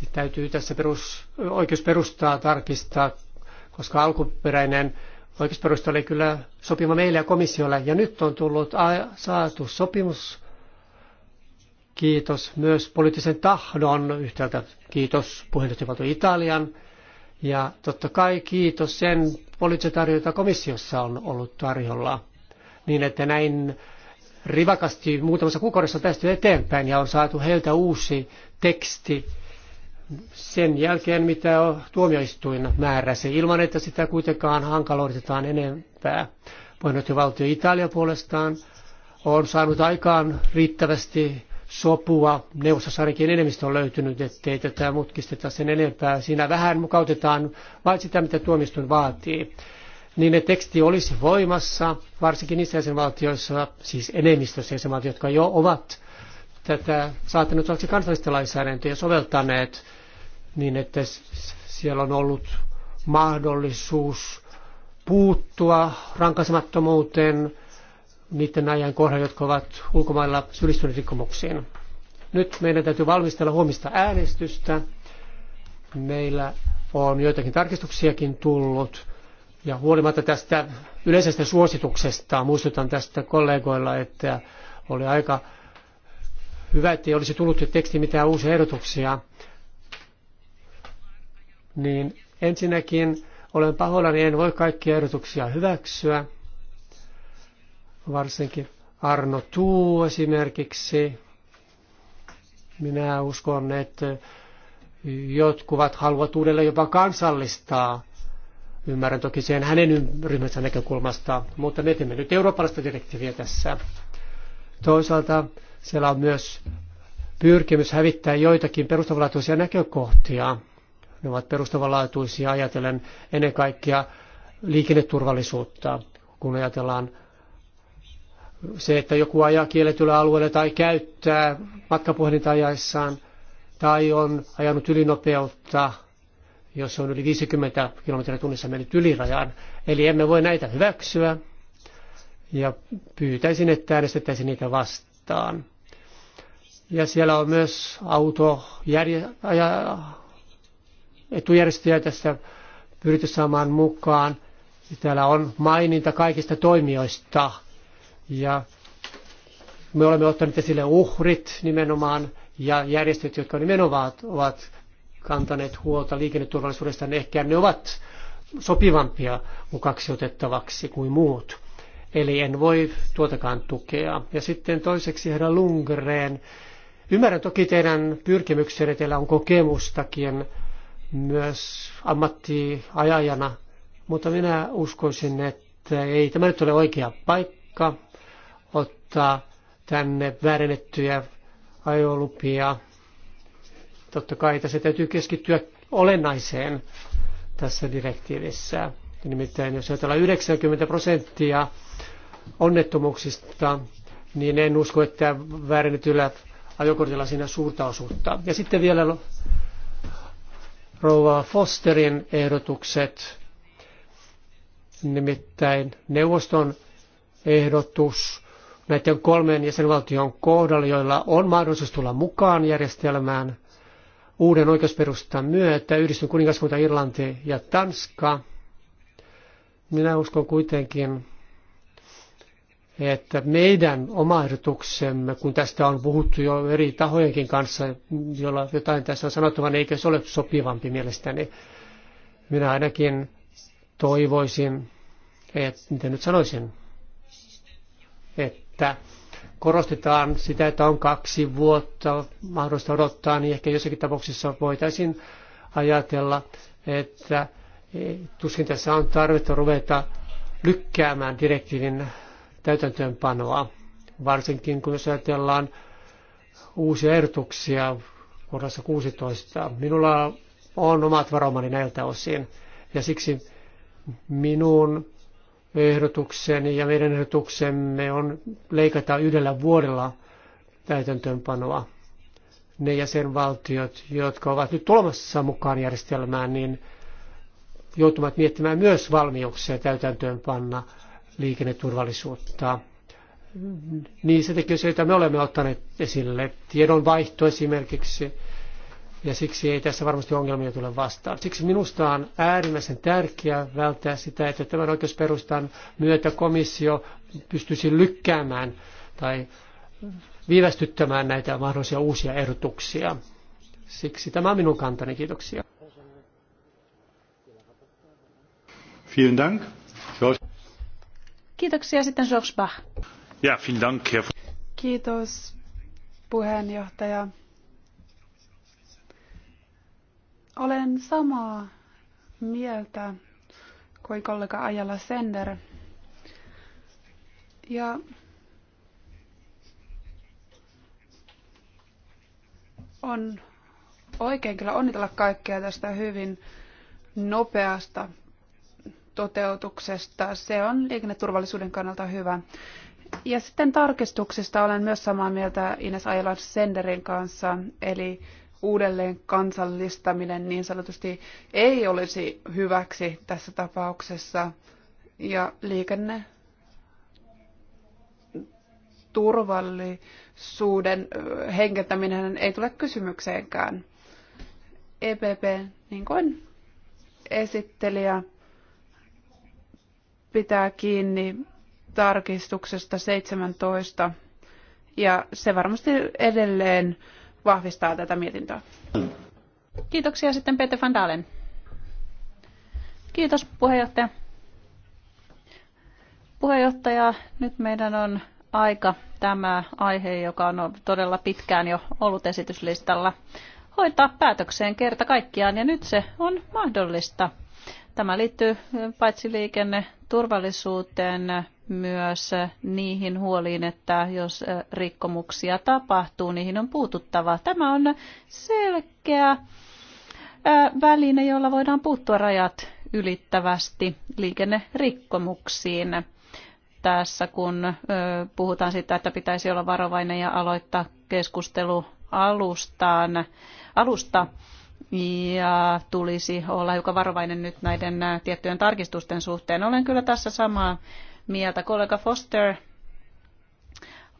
Ja täytyy tässä perus, oikeusperustaa tarkistaa koska alkuperäinen oikeusperuste oli kyllä sopima meille ja komissiolle. Ja nyt on tullut saatu sopimus. Kiitos myös poliittisen tahdon yhtäältä. Kiitos puheenjohtajavaltio Italian. Ja totta kai kiitos sen poliittisen tarjota komissiossa on ollut tarjolla. Niin että näin rivakasti muutamassa kuukaudessa on päästy eteenpäin ja on saatu heiltä uusi teksti sen jälkeen, mitä tuomioistuin määräsi, ilman että sitä kuitenkaan hankaloitetaan enempää. valtio Italia puolestaan on saanut aikaan riittävästi sopua. Neuvostossa ainakin enemmistö on löytynyt, ettei tätä mutkisteta sen enempää. Siinä vähän mukautetaan vain sitä, mitä tuomioistuin vaatii. Niin ne teksti olisi voimassa, varsinkin niissä jäsenvaltioissa, siis enemmistössä jäsenvaltioissa, jotka jo ovat tätä saattanut osaksi kansallista lainsäädäntöä ja soveltaneet niin että siellä on ollut mahdollisuus puuttua rankaisemattomuuteen niiden ajan kohdalla, jotka ovat ulkomailla syyllistyneet rikkomuksiin. Nyt meidän täytyy valmistella huomista äänestystä. Meillä on joitakin tarkistuksiakin tullut. Ja huolimatta tästä yleisestä suosituksesta, muistutan tästä kollegoilla, että oli aika hyvä, että ei olisi tullut jo teksti mitään uusia ehdotuksia niin ensinnäkin olen pahoillani, en voi kaikkia ehdotuksia hyväksyä. Varsinkin Arno Tuu esimerkiksi. Minä uskon, että jotkuvat haluavat uudelleen jopa kansallistaa. Ymmärrän toki sen hänen ryhmänsä näkökulmasta, mutta mietimme nyt eurooppalaista direktiiviä tässä. Toisaalta siellä on myös pyrkimys hävittää joitakin perustavanlaatuisia näkökohtia, ne ovat perustavanlaatuisia ajatellen ennen kaikkea liikenneturvallisuutta, kun ajatellaan se, että joku ajaa kielletyllä alueella tai käyttää matkapuhelinta ajaessaan tai on ajanut ylinopeutta, jos on yli 50 kilometriä tunnissa mennyt ylirajan. Eli emme voi näitä hyväksyä ja pyytäisin, että äänestettäisiin niitä vastaan. Ja siellä on myös auto, järje, aja, etujärjestöjä tässä pyritty saamaan mukaan. Täällä on maininta kaikista toimijoista ja me olemme ottaneet esille uhrit nimenomaan ja järjestöt, jotka nimenomaan ovat kantaneet huolta liikenneturvallisuudesta, niin ehkä ne ovat sopivampia mukaksi otettavaksi kuin muut. Eli en voi tuotakaan tukea. Ja sitten toiseksi herra Lundgren. Ymmärrän toki teidän pyrkimyksenne, teillä on kokemustakin myös ammattiajajana, mutta minä uskoisin, että ei tämä nyt ole oikea paikka ottaa tänne väärennettyjä ajolupia. Totta kai tässä täytyy keskittyä olennaiseen tässä direktiivissä. Nimittäin jos ajatellaan 90 prosenttia onnettomuuksista, niin en usko, että väärennetyllä ajokortilla siinä suurta osuutta. Ja sitten vielä rouva Fosterin ehdotukset, nimittäin neuvoston ehdotus näiden kolmen jäsenvaltion kohdalla, joilla on mahdollisuus tulla mukaan järjestelmään uuden oikeusperustan myötä, yhdistyn kuningaskunta Irlanti ja Tanska. Minä uskon kuitenkin, että meidän oma ehdotuksemme, kun tästä on puhuttu jo eri tahojenkin kanssa, jolla jotain tässä on sanottava, niin eikö se ole sopivampi mielestäni. Minä ainakin toivoisin, että miten nyt sanoisin, että korostetaan sitä, että on kaksi vuotta mahdollista odottaa, niin ehkä jossakin tapauksessa voitaisiin ajatella, että eh, tuskin tässä on tarvetta ruveta lykkäämään direktiivin täytäntöönpanoa, varsinkin kun jos ajatellaan uusia ehdotuksia kohdassa 16. Minulla on omat varomani näiltä osin ja siksi minun ehdotukseni ja meidän ehdotuksemme on leikata yhdellä vuodella täytäntöönpanoa. Ne jäsenvaltiot, jotka ovat nyt tulemassa mukaan järjestelmään, niin joutuvat miettimään myös valmiuksia täytäntöönpanna liikenneturvallisuutta. tekee niin se, että me olemme ottaneet esille, tiedonvaihto esimerkiksi, ja siksi ei tässä varmasti ongelmia tule vastaan. Siksi minusta on äärimmäisen tärkeää välttää sitä, että tämän oikeusperustan myötä komissio pystyisi lykkäämään tai viivästyttämään näitä mahdollisia uusia ehdotuksia. Siksi tämä on minun kantani. Kiitoksia. Vielen Dank. Kiitoksia sitten Georges Bach. Ja, vielen Dank, Herr... Kiitos puheenjohtaja. Olen samaa mieltä kuin kollega Ajala Sender. Ja on oikein kyllä onnitella kaikkea tästä hyvin nopeasta toteutuksesta. Se on liikenneturvallisuuden kannalta hyvä. Ja sitten tarkistuksista olen myös samaa mieltä Ines Ailan Senderin kanssa, eli uudelleen kansallistaminen niin sanotusti ei olisi hyväksi tässä tapauksessa. Ja liikenne turvallisuuden henkentäminen ei tule kysymykseenkään. EPP, niin kuin esittelijä, pitää kiinni tarkistuksesta 17 ja se varmasti edelleen vahvistaa tätä mietintöä. Kiitoksia sitten Peter van Dalen. Kiitos puheenjohtaja. Puheenjohtaja, nyt meidän on aika tämä aihe, joka on todella pitkään jo ollut esityslistalla, hoitaa päätökseen kerta kaikkiaan ja nyt se on mahdollista. Tämä liittyy paitsi liikenne turvallisuuteen myös niihin huoliin, että jos äh, rikkomuksia tapahtuu, niihin on puututtava. Tämä on selkeä äh, väline, jolla voidaan puuttua rajat ylittävästi liikennerikkomuksiin tässä, kun äh, puhutaan siitä, että pitäisi olla varovainen ja aloittaa keskustelu alustaan, alusta ja tulisi olla hiukan varovainen nyt näiden tiettyjen tarkistusten suhteen. Olen kyllä tässä samaa mieltä. Kollega Foster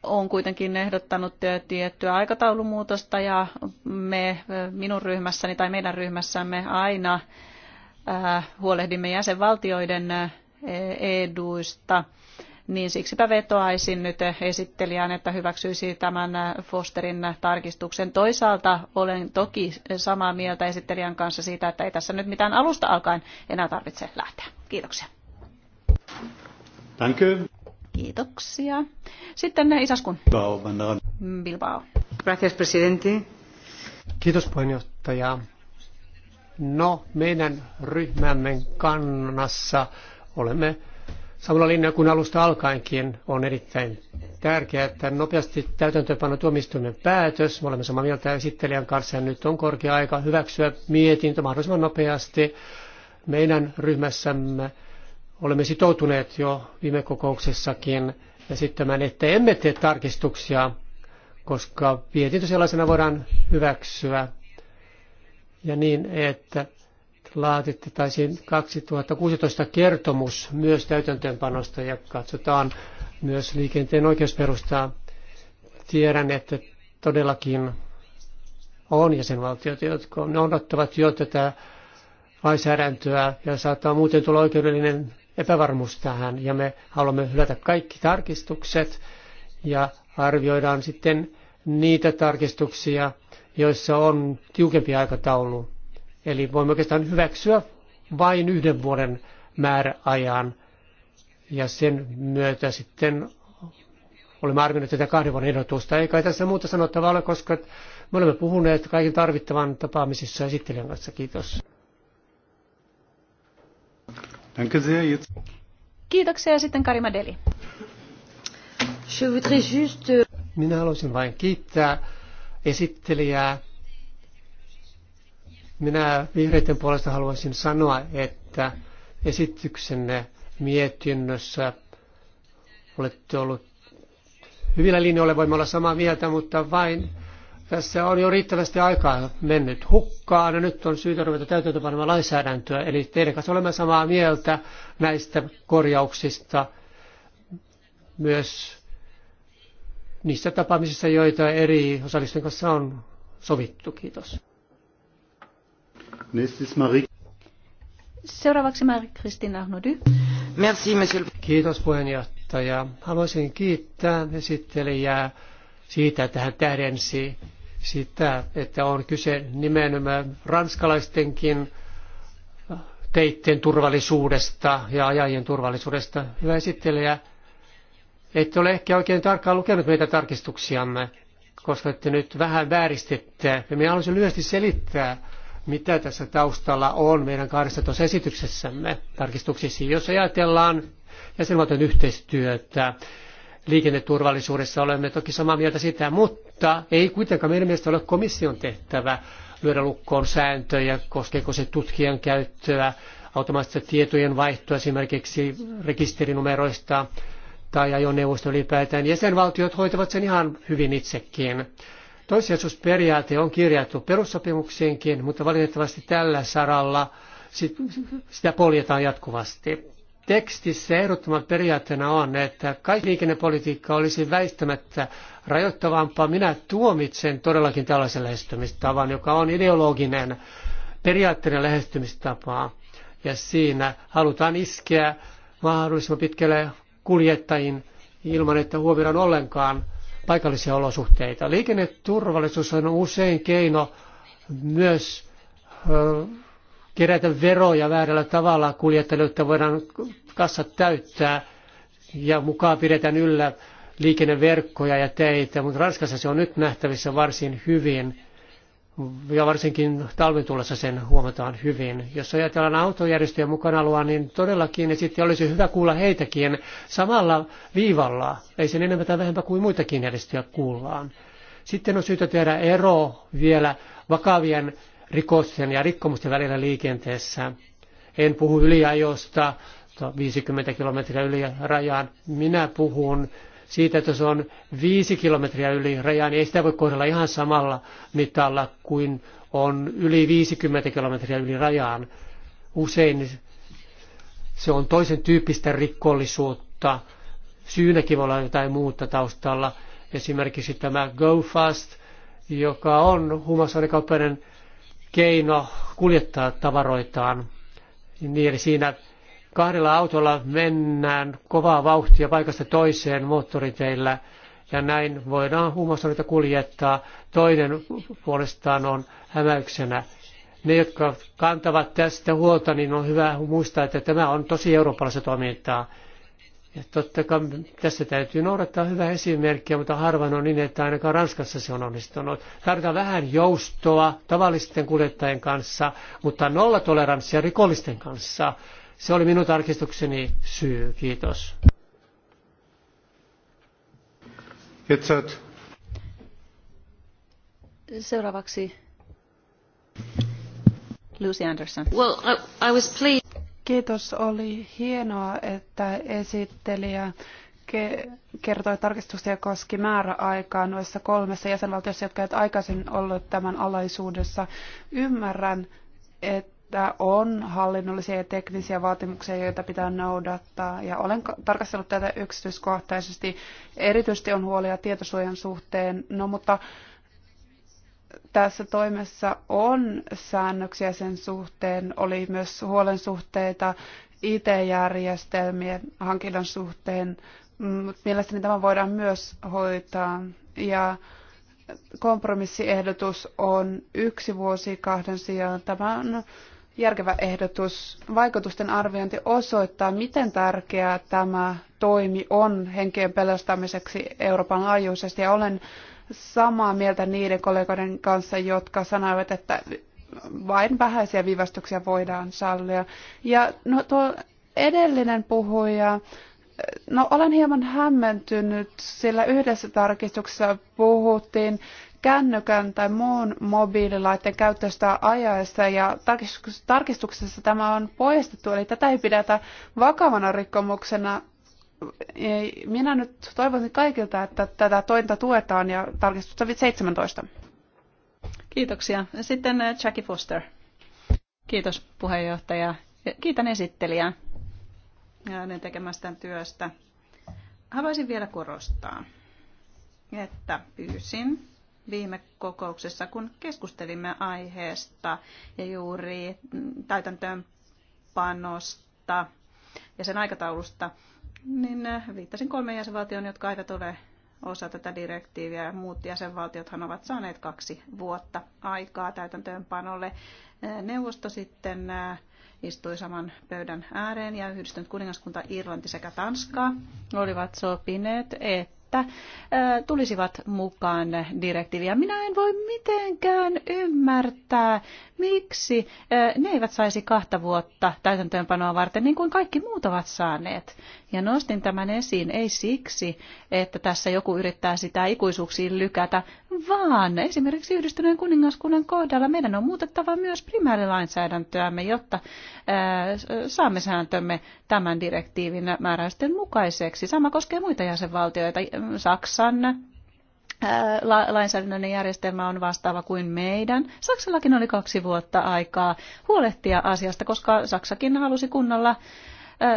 on kuitenkin ehdottanut tiettyä aikataulumuutosta ja me minun ryhmässäni tai meidän ryhmässämme aina huolehdimme jäsenvaltioiden eduista niin siksipä vetoaisin nyt esittelijään, että hyväksyisi tämän Fosterin tarkistuksen. Toisaalta olen toki samaa mieltä esittelijän kanssa siitä, että ei tässä nyt mitään alusta alkaen enää tarvitse lähteä. Kiitoksia. Thank you. Kiitoksia. Sitten Isaskun. Bilbao. Bilbao. Gracias, presidente. Kiitos puheenjohtaja. No, meidän ryhmämme kannassa olemme Samalla linja kuin alusta alkaenkin on erittäin tärkeää, että nopeasti täytäntöönpano tuomistuimen päätös. Me olemme samaa mieltä esittelijän kanssa ja nyt on korkea aika hyväksyä mietintö mahdollisimman nopeasti. Meidän ryhmässämme olemme sitoutuneet jo viime kokouksessakin esittämään, että emme tee tarkistuksia, koska mietintö sellaisena voidaan hyväksyä. Ja niin, että laatittaisiin 2016 kertomus myös täytäntöönpanosta ja katsotaan myös liikenteen oikeusperustaa. Tiedän, että todellakin on jäsenvaltioita, jotka noudattavat jo tätä lainsäädäntöä ja saattaa muuten tulla oikeudellinen epävarmuus tähän ja me haluamme hylätä kaikki tarkistukset ja arvioidaan sitten niitä tarkistuksia, joissa on tiukempi aikataulu Eli voimme oikeastaan hyväksyä vain yhden vuoden määräajan ja sen myötä sitten olemme arvioineet tätä kahden vuoden ehdotusta. Ei tässä muuta sanottavaa ole, koska me olemme puhuneet kaiken tarvittavan tapaamisissa esittelijän kanssa. Kiitos. Kiitoksia sitten Karima Deli. Minä haluaisin vain kiittää esittelijää minä vihreiden puolesta haluaisin sanoa, että esityksenne mietinnössä olette ollut hyvillä linjoilla, voimme olla samaa mieltä, mutta vain tässä on jo riittävästi aikaa mennyt hukkaan ja nyt on syytä ruveta täytäntöpanemaan lainsäädäntöä. Eli teidän kanssa olemme samaa mieltä näistä korjauksista myös niissä tapaamisissa, joita eri osallisten kanssa on sovittu. Kiitos. Seuraavaksi Marie-Christine Hnody. Merci, monsieur. Kiitos puheenjohtaja. Haluaisin kiittää esittelijää siitä, että hän tähdensi sitä, että on kyse nimenomaan ranskalaistenkin teitten turvallisuudesta ja ajajien turvallisuudesta. Hyvä esittelijä, ette ole ehkä oikein tarkkaan lukenut meitä tarkistuksiamme, koska ette nyt vähän vääristette. Ja minä haluaisin lyhyesti selittää, mitä tässä taustalla on meidän 12 esityksessämme tarkistuksissa. Jos ajatellaan jäsenvaltion yhteistyötä, liikenneturvallisuudessa olemme toki samaa mieltä sitä, mutta ei kuitenkaan meidän mielestä ole komission tehtävä lyödä lukkoon sääntöjä, koskeeko se tutkijan käyttöä, automaattista tietojen vaihtoa esimerkiksi rekisterinumeroista tai ajoneuvosta ylipäätään. Jäsenvaltiot hoitavat sen ihan hyvin itsekin. Toissijaisuusperiaate on kirjattu perussopimuksiinkin, mutta valitettavasti tällä saralla sitä poljetaan jatkuvasti. Tekstissä ehdottoman periaatteena on, että kaikki liikennepolitiikka olisi väistämättä rajoittavampaa. Minä tuomitsen todellakin tällaisen lähestymistavan, joka on ideologinen periaatteinen lähestymistapa. Ja siinä halutaan iskeä mahdollisimman pitkälle kuljettajiin ilman, että huomioidaan ollenkaan paikallisia olosuhteita. Liikenneturvallisuus on usein keino myös kerätä veroja väärällä tavalla kuljettajille, että voidaan kassat täyttää ja mukaan pidetään yllä liikenneverkkoja ja teitä, mutta Ranskassa se on nyt nähtävissä varsin hyvin ja varsinkin talven tullessa sen huomataan hyvin. Jos ajatellaan autojärjestöjä mukana luo, niin todellakin ja sitten olisi hyvä kuulla heitäkin samalla viivalla. Ei sen enemmän tai vähempää kuin muitakin järjestöjä kuullaan. Sitten on syytä tehdä ero vielä vakavien rikosten ja rikkomusten välillä liikenteessä. En puhu yliajosta, 50 kilometriä yli rajan. Minä puhun siitä, että se on viisi kilometriä yli rajan, niin ei sitä voi kohdella ihan samalla mitalla kuin on yli 50 kilometriä yli rajaan. Usein se on toisen tyyppistä rikollisuutta. Syynäkin voi olla jotain muuta taustalla. Esimerkiksi tämä Go Fast, joka on huumausainekauppainen keino kuljettaa tavaroitaan. Niin eli siinä Kahdella autolla mennään kovaa vauhtia paikasta toiseen moottoriteillä ja näin voidaan huumausaineita kuljettaa. Toinen puolestaan on hämäyksenä. Ne, jotka kantavat tästä huolta, niin on hyvä muistaa, että tämä on tosi eurooppalaista toimintaa. Ja totta kai tässä täytyy noudattaa hyvää esimerkkiä, mutta harvoin on niin, että ainakaan Ranskassa se on onnistunut. Tarvitaan vähän joustoa tavallisten kuljettajien kanssa, mutta nollatoleranssia rikollisten kanssa. Se oli minun tarkistukseni syy. Kiitos. Kiitos. Seuraavaksi Lucy Anderson. Well, I, I was pleased. Kiitos. Oli hienoa, että esittelijä ke- kertoi tarkistusta ja koski määräaikaa noissa kolmessa jäsenvaltiossa, jotka eivät aikaisemmin olleet tämän alaisuudessa. Ymmärrän, että että on hallinnollisia ja teknisiä vaatimuksia, joita pitää noudattaa. Ja olen tarkastellut tätä yksityiskohtaisesti. Erityisesti on huolia tietosuojan suhteen, no mutta tässä toimessa on säännöksiä sen suhteen, oli myös huolen suhteita IT-järjestelmien hankinnan suhteen, mm, mielestäni tämä voidaan myös hoitaa. Ja kompromissiehdotus on yksi vuosi kahden sijaan. Tämä on järkevä ehdotus. Vaikutusten arviointi osoittaa, miten tärkeää tämä toimi on henkien pelastamiseksi Euroopan laajuisesti. Ja olen samaa mieltä niiden kollegoiden kanssa, jotka sanoivat, että vain vähäisiä viivästyksiä voidaan sallia. Ja no, tuo edellinen puhuja, no olen hieman hämmentynyt, sillä yhdessä tarkistuksessa puhuttiin kännykän tai muun mobiililaitteen käytöstä ajaessa ja tarkistuksessa tämä on poistettu, eli tätä ei pidetä vakavana rikkomuksena. Minä nyt toivoisin kaikilta, että tätä tointa tuetaan ja tarkistusta 17. Kiitoksia. Sitten eh, Jackie Foster. Kiitos puheenjohtaja. Kiitän esittelijää ja hänen tekemästään työstä. Haluaisin vielä korostaa, että pyysin viime kokouksessa, kun keskustelimme aiheesta ja juuri täytäntöönpanosta ja sen aikataulusta, niin viittasin kolmeen jäsenvaltioon, jotka eivät ole osa tätä direktiiviä. Muut jäsenvaltiothan ovat saaneet kaksi vuotta aikaa täytäntöönpanolle. Neuvosto sitten istui saman pöydän ääreen ja yhdistynyt kuningaskunta Irlanti sekä Tanska olivat sopineet, että että tulisivat mukaan direktiiviä. Minä en voi mitenkään ymmärtää, miksi ne eivät saisi kahta vuotta täytäntöönpanoa varten, niin kuin kaikki muut ovat saaneet. Ja nostin tämän esiin ei siksi, että tässä joku yrittää sitä ikuisuuksiin lykätä, vaan esimerkiksi yhdistyneen kuningaskunnan kohdalla meidän on muutettava myös primäärilainsäädäntöämme, jotta ää, saamme sääntömme tämän direktiivin määräysten mukaiseksi. Sama koskee muita jäsenvaltioita, Saksan, lainsäädännön järjestelmä on vastaava kuin meidän. Saksallakin oli kaksi vuotta aikaa huolehtia asiasta, koska Saksakin halusi kunnolla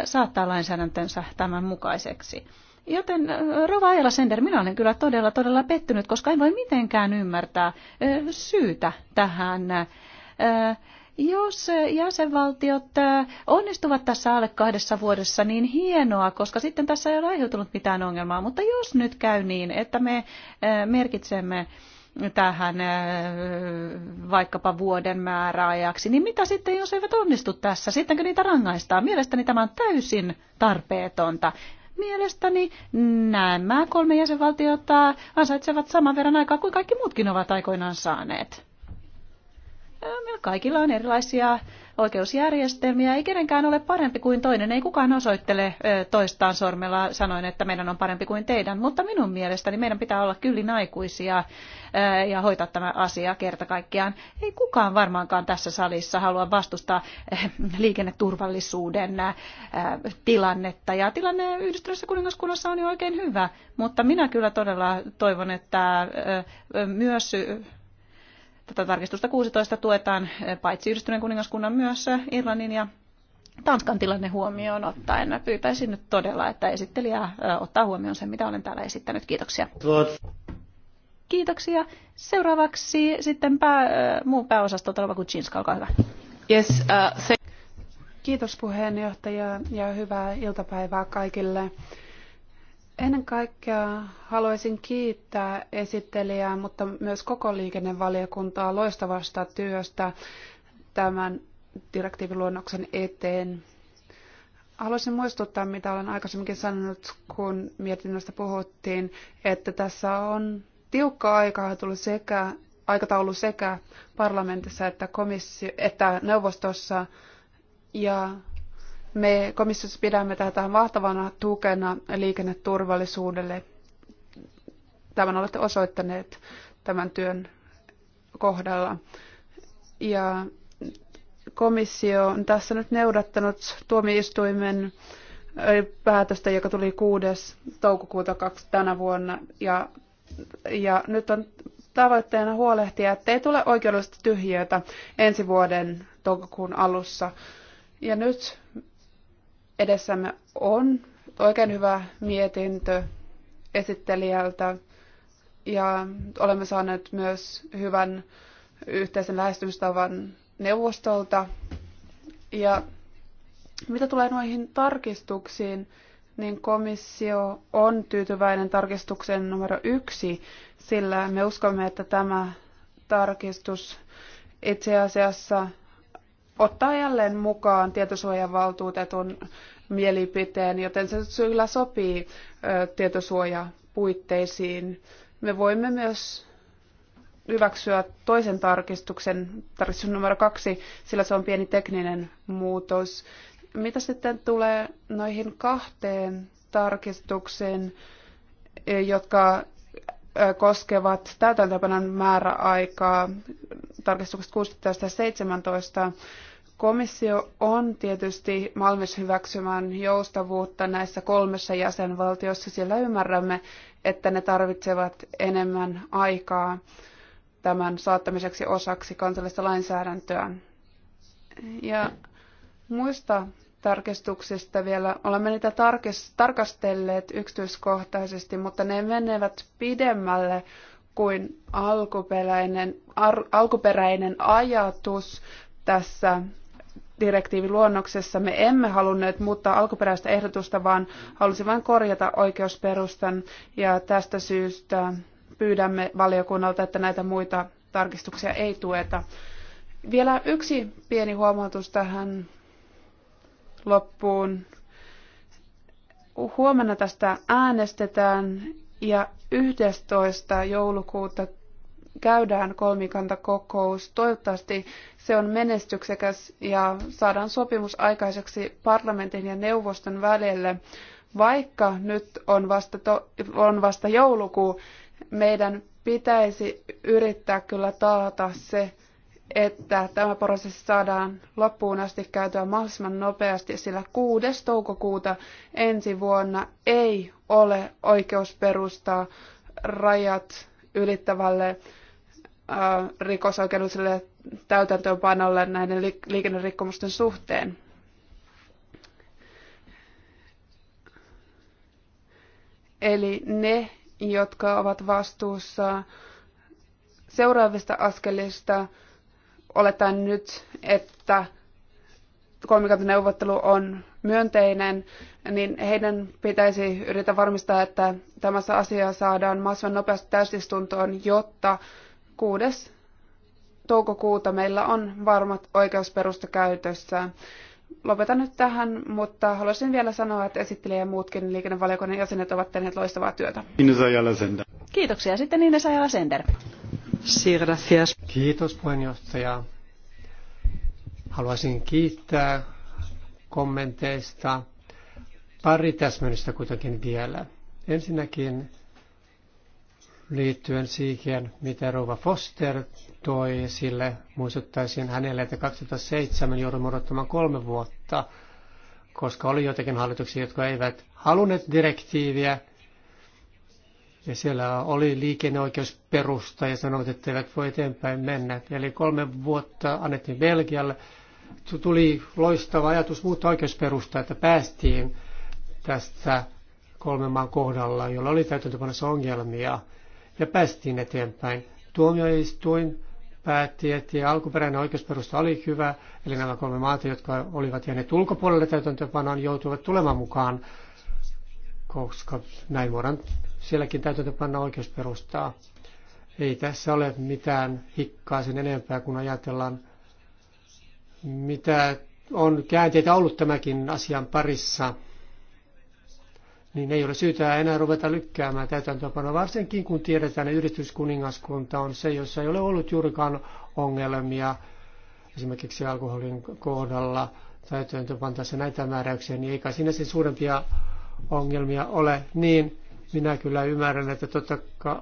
saattaa lainsäädäntönsä tämän mukaiseksi. Joten Rova Ajala Sender, minä olen kyllä todella, todella pettynyt, koska en voi mitenkään ymmärtää syytä tähän. Jos jäsenvaltiot onnistuvat tässä alle kahdessa vuodessa, niin hienoa, koska sitten tässä ei ole aiheutunut mitään ongelmaa. Mutta jos nyt käy niin, että me merkitsemme tähän eh, vaikkapa vuoden määräajaksi, niin mitä sitten, jos eivät onnistu tässä? Sittenkö niitä rangaistaan? Mielestäni tämä on täysin tarpeetonta. Mielestäni nämä kolme jäsenvaltiota ansaitsevat saman verran aikaa kuin kaikki muutkin ovat aikoinaan saaneet meillä kaikilla on erilaisia oikeusjärjestelmiä, ei kenenkään ole parempi kuin toinen, ei kukaan osoittele toistaan sormella sanoen, että meidän on parempi kuin teidän, mutta minun mielestäni meidän pitää olla kyllin aikuisia ja hoitaa tämä asia kerta kaikkiaan. Ei kukaan varmaankaan tässä salissa halua vastustaa liikenneturvallisuuden tilannetta ja tilanne Yhdistyneessä kuningaskunnassa on jo oikein hyvä, mutta minä kyllä todella toivon, että myös Tätä tarkistusta 16 tuetaan eh, paitsi Yhdistyneen kuningaskunnan myös eh, Irlannin ja Tanskan tilanne huomioon ottaen. Pyytäisin nyt todella, että esittelijä eh, ottaa huomioon sen, mitä olen täällä esittänyt. Kiitoksia. Kiitoksia. Seuraavaksi sitten pää, muu pääosasto Talva Kuczynska, olkaa hyvä. Yes, uh, se... Kiitos puheenjohtaja ja hyvää iltapäivää kaikille. Ennen kaikkea haluaisin kiittää esittelijää, mutta myös koko liikennevaliokuntaa loistavasta työstä tämän direktiiviluonnoksen eteen. Haluaisin muistuttaa, mitä olen aikaisemminkin sanonut, kun mietinnöstä puhuttiin, että tässä on tiukka aika tullut sekä aikataulu sekä parlamentissa että, komissio, että neuvostossa. Ja me komissiossa pidämme tätä vahtavana tukena liikenneturvallisuudelle. Tämän olette osoittaneet tämän työn kohdalla. Ja komissio on tässä nyt neudattanut tuomioistuimen päätöstä, joka tuli 6. toukokuuta tänä vuonna. Ja, ja nyt on tavoitteena huolehtia, että ei tule oikeudellista tyhjiötä ensi vuoden toukokuun alussa. Ja nyt edessämme on oikein hyvä mietintö esittelijältä ja olemme saaneet myös hyvän yhteisen lähestymistavan neuvostolta. Ja mitä tulee noihin tarkistuksiin, niin komissio on tyytyväinen tarkistuksen numero yksi, sillä me uskomme, että tämä tarkistus itse asiassa ottaa jälleen mukaan tietosuojavaltuutetun mielipiteen, joten se kyllä sopii tietosuojapuitteisiin. Me voimme myös hyväksyä toisen tarkistuksen, tarkistus numero kaksi, sillä se on pieni tekninen muutos. Mitä sitten tulee noihin kahteen tarkistukseen, e, jotka koskevat täytäntöpanon määräaikaa, tarkistukset 16 ja 17, Komissio on tietysti valmis hyväksymään joustavuutta näissä kolmessa jäsenvaltiossa, sillä ymmärrämme, että ne tarvitsevat enemmän aikaa tämän saattamiseksi osaksi kansallista lainsäädäntöä. Ja muista tarkistuksista vielä. Olemme niitä tarkastelleet yksityiskohtaisesti, mutta ne menevät pidemmälle kuin alkuperäinen, ar, alkuperäinen ajatus tässä direktiiviluonnoksessa me emme halunneet muuttaa alkuperäistä ehdotusta, vaan halusimme vain korjata oikeusperustan ja tästä syystä pyydämme valiokunnalta, että näitä muita tarkistuksia ei tueta. Vielä yksi pieni huomautus tähän loppuun. Huomenna tästä äänestetään ja 11. joulukuuta käydään kolmikantakokous. Toivottavasti se on menestyksekäs ja saadaan sopimus aikaiseksi parlamentin ja neuvoston välille. Vaikka nyt on vasta, to, on vasta joulukuu, meidän pitäisi yrittää kyllä taata se, että tämä prosessi saadaan loppuun asti käytyä mahdollisimman nopeasti, sillä 6. toukokuuta ensi vuonna ei ole oikeus perustaa rajat ylittävälle äh, rikosoikeudelliselle täytäntöönpanolle näiden liikennerikkomusten suhteen. Eli ne, jotka ovat vastuussa seuraavista askelista, oletan nyt, että kolmikantaneuvottelu on myönteinen niin heidän pitäisi yrittää varmistaa, että tämä asia saadaan mahdollisimman nopeasti täysistuntoon, jotta 6. toukokuuta meillä on varmat oikeusperusta käytössä. Lopetan nyt tähän, mutta haluaisin vielä sanoa, että esittelijä ja muutkin liikennevaliokunnan jäsenet ovat tehneet loistavaa työtä. Kiitoksia. Sitten Ines Ajala Sender. Kiitos puheenjohtaja. Haluaisin kiittää kommenteista Pari täsmennystä kuitenkin vielä. Ensinnäkin liittyen siihen, mitä Rova Foster toi esille, muistuttaisin hänelle, että 2007 joudun odottamaan kolme vuotta, koska oli jotakin hallituksia, jotka eivät halunneet direktiiviä, ja siellä oli liikenneoikeusperusta ja sanoivat, että eivät voi eteenpäin mennä. Eli kolme vuotta annettiin Belgialle. Tuli loistava ajatus muuttaa oikeusperusta, että päästiin tästä kolmen maan kohdalla, jolla oli täytäntöpanossa ongelmia, ja päästiin eteenpäin. Tuomioistuin päätti, että alkuperäinen oikeusperusta oli hyvä, eli nämä kolme maata, jotka olivat jääneet ulkopuolelle täytäntöpanoon, joutuivat tulemaan mukaan, koska näin voidaan sielläkin täytäntöpanna oikeusperustaa. Ei tässä ole mitään hikkaa sen enempää, kun ajatellaan, mitä on käänteitä ollut tämäkin asian parissa – niin ei ole syytä enää ruveta lykkäämään täytäntöpanoa, varsinkin kun tiedetään, että Yrityskuningaskunta on se, jossa ei ole ollut juurikaan ongelmia esimerkiksi alkoholin kohdalla täytäntöpantaessa näitä määräyksiä, niin eikä siinä sen suurempia ongelmia ole, niin minä kyllä ymmärrän, että totta kai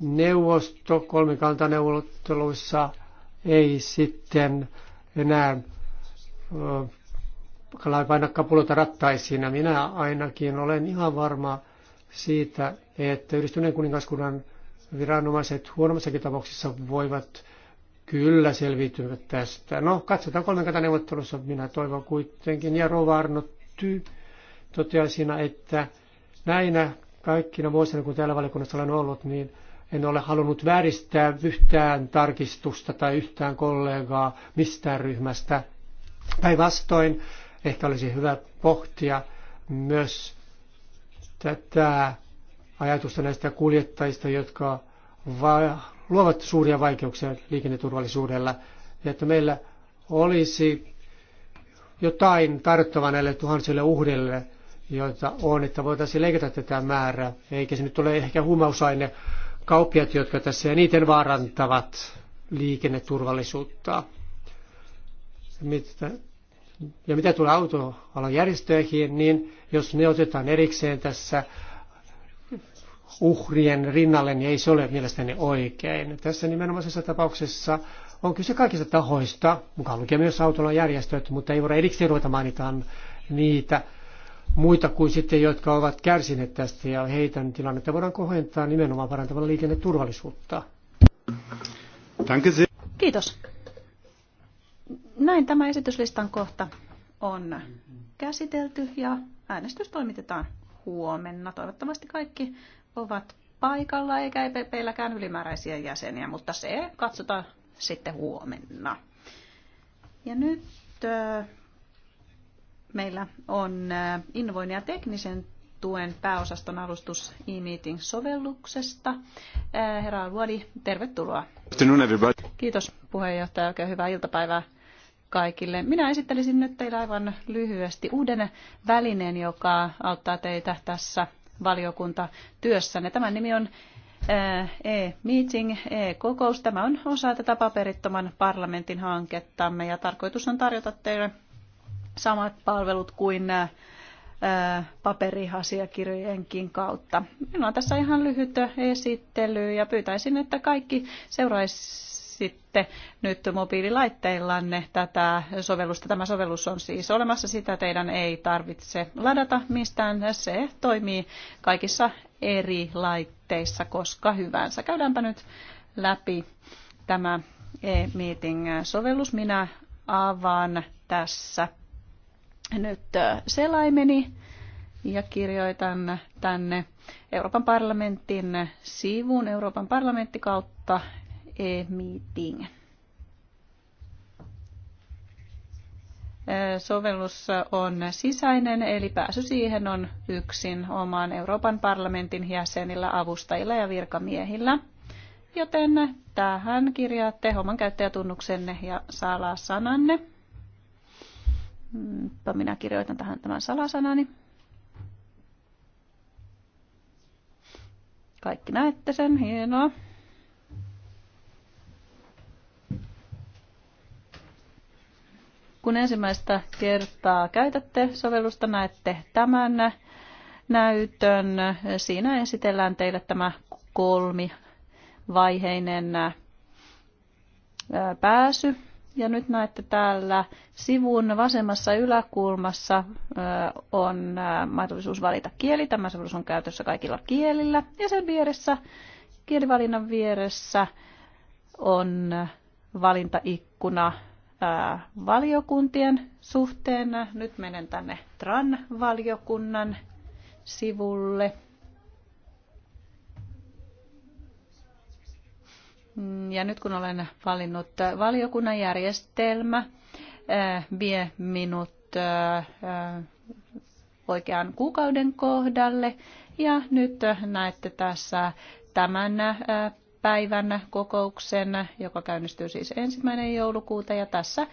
neuvosto kolmikantaneuvotteluissa ei sitten enää paina kapulota rattaisiin. Ja minä ainakin olen ihan varma siitä, että yhdistyneen kuningaskunnan viranomaiset huonommassakin tapauksessa voivat kyllä selviytyä tästä. No, katsotaan kolmen neuvottelussa. Minä toivon kuitenkin. Ja Rova Arno Ty toteaa siinä, että näinä kaikkina vuosina, kun täällä valiokunnassa olen ollut, niin en ole halunnut vääristää yhtään tarkistusta tai yhtään kollegaa mistään ryhmästä. Päinvastoin Ehkä olisi hyvä pohtia myös tätä ajatusta näistä kuljettajista, jotka luovat suuria vaikeuksia liikenneturvallisuudella, ja että meillä olisi jotain tarttava näille tuhansille uhdille, joita on, että voitaisiin leikata tätä määrää. Eikä se nyt ole ehkä huumausaine kauppiat, jotka tässä eniten vaarantavat liikenneturvallisuutta. Mitä ja mitä tulee autoalan järjestöihin, niin jos ne otetaan erikseen tässä uhrien rinnalle, niin ei se ole mielestäni oikein. Tässä nimenomaisessa tapauksessa on kyse kaikista tahoista, mukaan lukee myös autolla järjestöt, mutta ei voida erikseen ruveta mainitaan niitä muita kuin sitten, jotka ovat kärsineet tästä ja heitä tilannetta voidaan kohentaa nimenomaan parantamalla liikenneturvallisuutta. Kiitos. Näin tämä esityslistan kohta on käsitelty ja äänestys toimitetaan huomenna. Toivottavasti kaikki ovat paikalla eikä EPPlläkään ylimääräisiä jäseniä, mutta se katsotaan sitten huomenna. Ja nyt äh, meillä on äh, innovoinnin ja teknisen tuen pääosaston alustus e-meeting-sovelluksesta. Äh, herra Luodi, tervetuloa. Kiitos puheenjohtaja, oikein hyvää iltapäivää kaikille. Minä esittelisin nyt teille aivan lyhyesti uuden välineen, joka auttaa teitä tässä valiokuntatyössänne. Tämän nimi on e-meeting, e-kokous. Tämä on osa tätä paperittoman parlamentin hankettamme ja tarkoitus on tarjota teille samat palvelut kuin paperihasiakirjojenkin kautta. Minulla on tässä ihan lyhyt esittely ja pyytäisin, että kaikki seuraisi sitten nyt mobiililaitteillanne tätä sovellusta. Tämä sovellus on siis olemassa, sitä teidän ei tarvitse ladata mistään. Se toimii kaikissa eri laitteissa koska hyvänsä. Käydäänpä nyt läpi tämä e-meeting-sovellus. Minä avaan tässä nyt selaimeni ja kirjoitan tänne Euroopan parlamentin sivun Euroopan parlamentti kautta e-meeting. Sovellus on sisäinen, eli pääsy siihen on yksin omaan Euroopan parlamentin jäsenillä, avustajilla ja virkamiehillä. Joten tähän kirjaatte oman käyttäjätunnuksenne ja salasananne. Minä kirjoitan tähän tämän salasanani. Kaikki näette sen, hienoa. kun ensimmäistä kertaa käytätte sovellusta, näette tämän näytön. Siinä esitellään teille tämä kolmivaiheinen pääsy. Ja nyt näette täällä sivun vasemmassa yläkulmassa on mahdollisuus valita kieli. Tämä sovellus on käytössä kaikilla kielillä. Ja sen vieressä, kielivalinnan vieressä on valintaikkuna valiokuntien suhteen. Nyt menen tänne TRAN-valiokunnan sivulle. Ja nyt kun olen valinnut valiokunnan järjestelmä, eh, vie minut eh, oikean kuukauden kohdalle. Ja nyt näette tässä tämän eh, päivän kokouksen, joka käynnistyy siis ensimmäinen joulukuuta. Ja tässä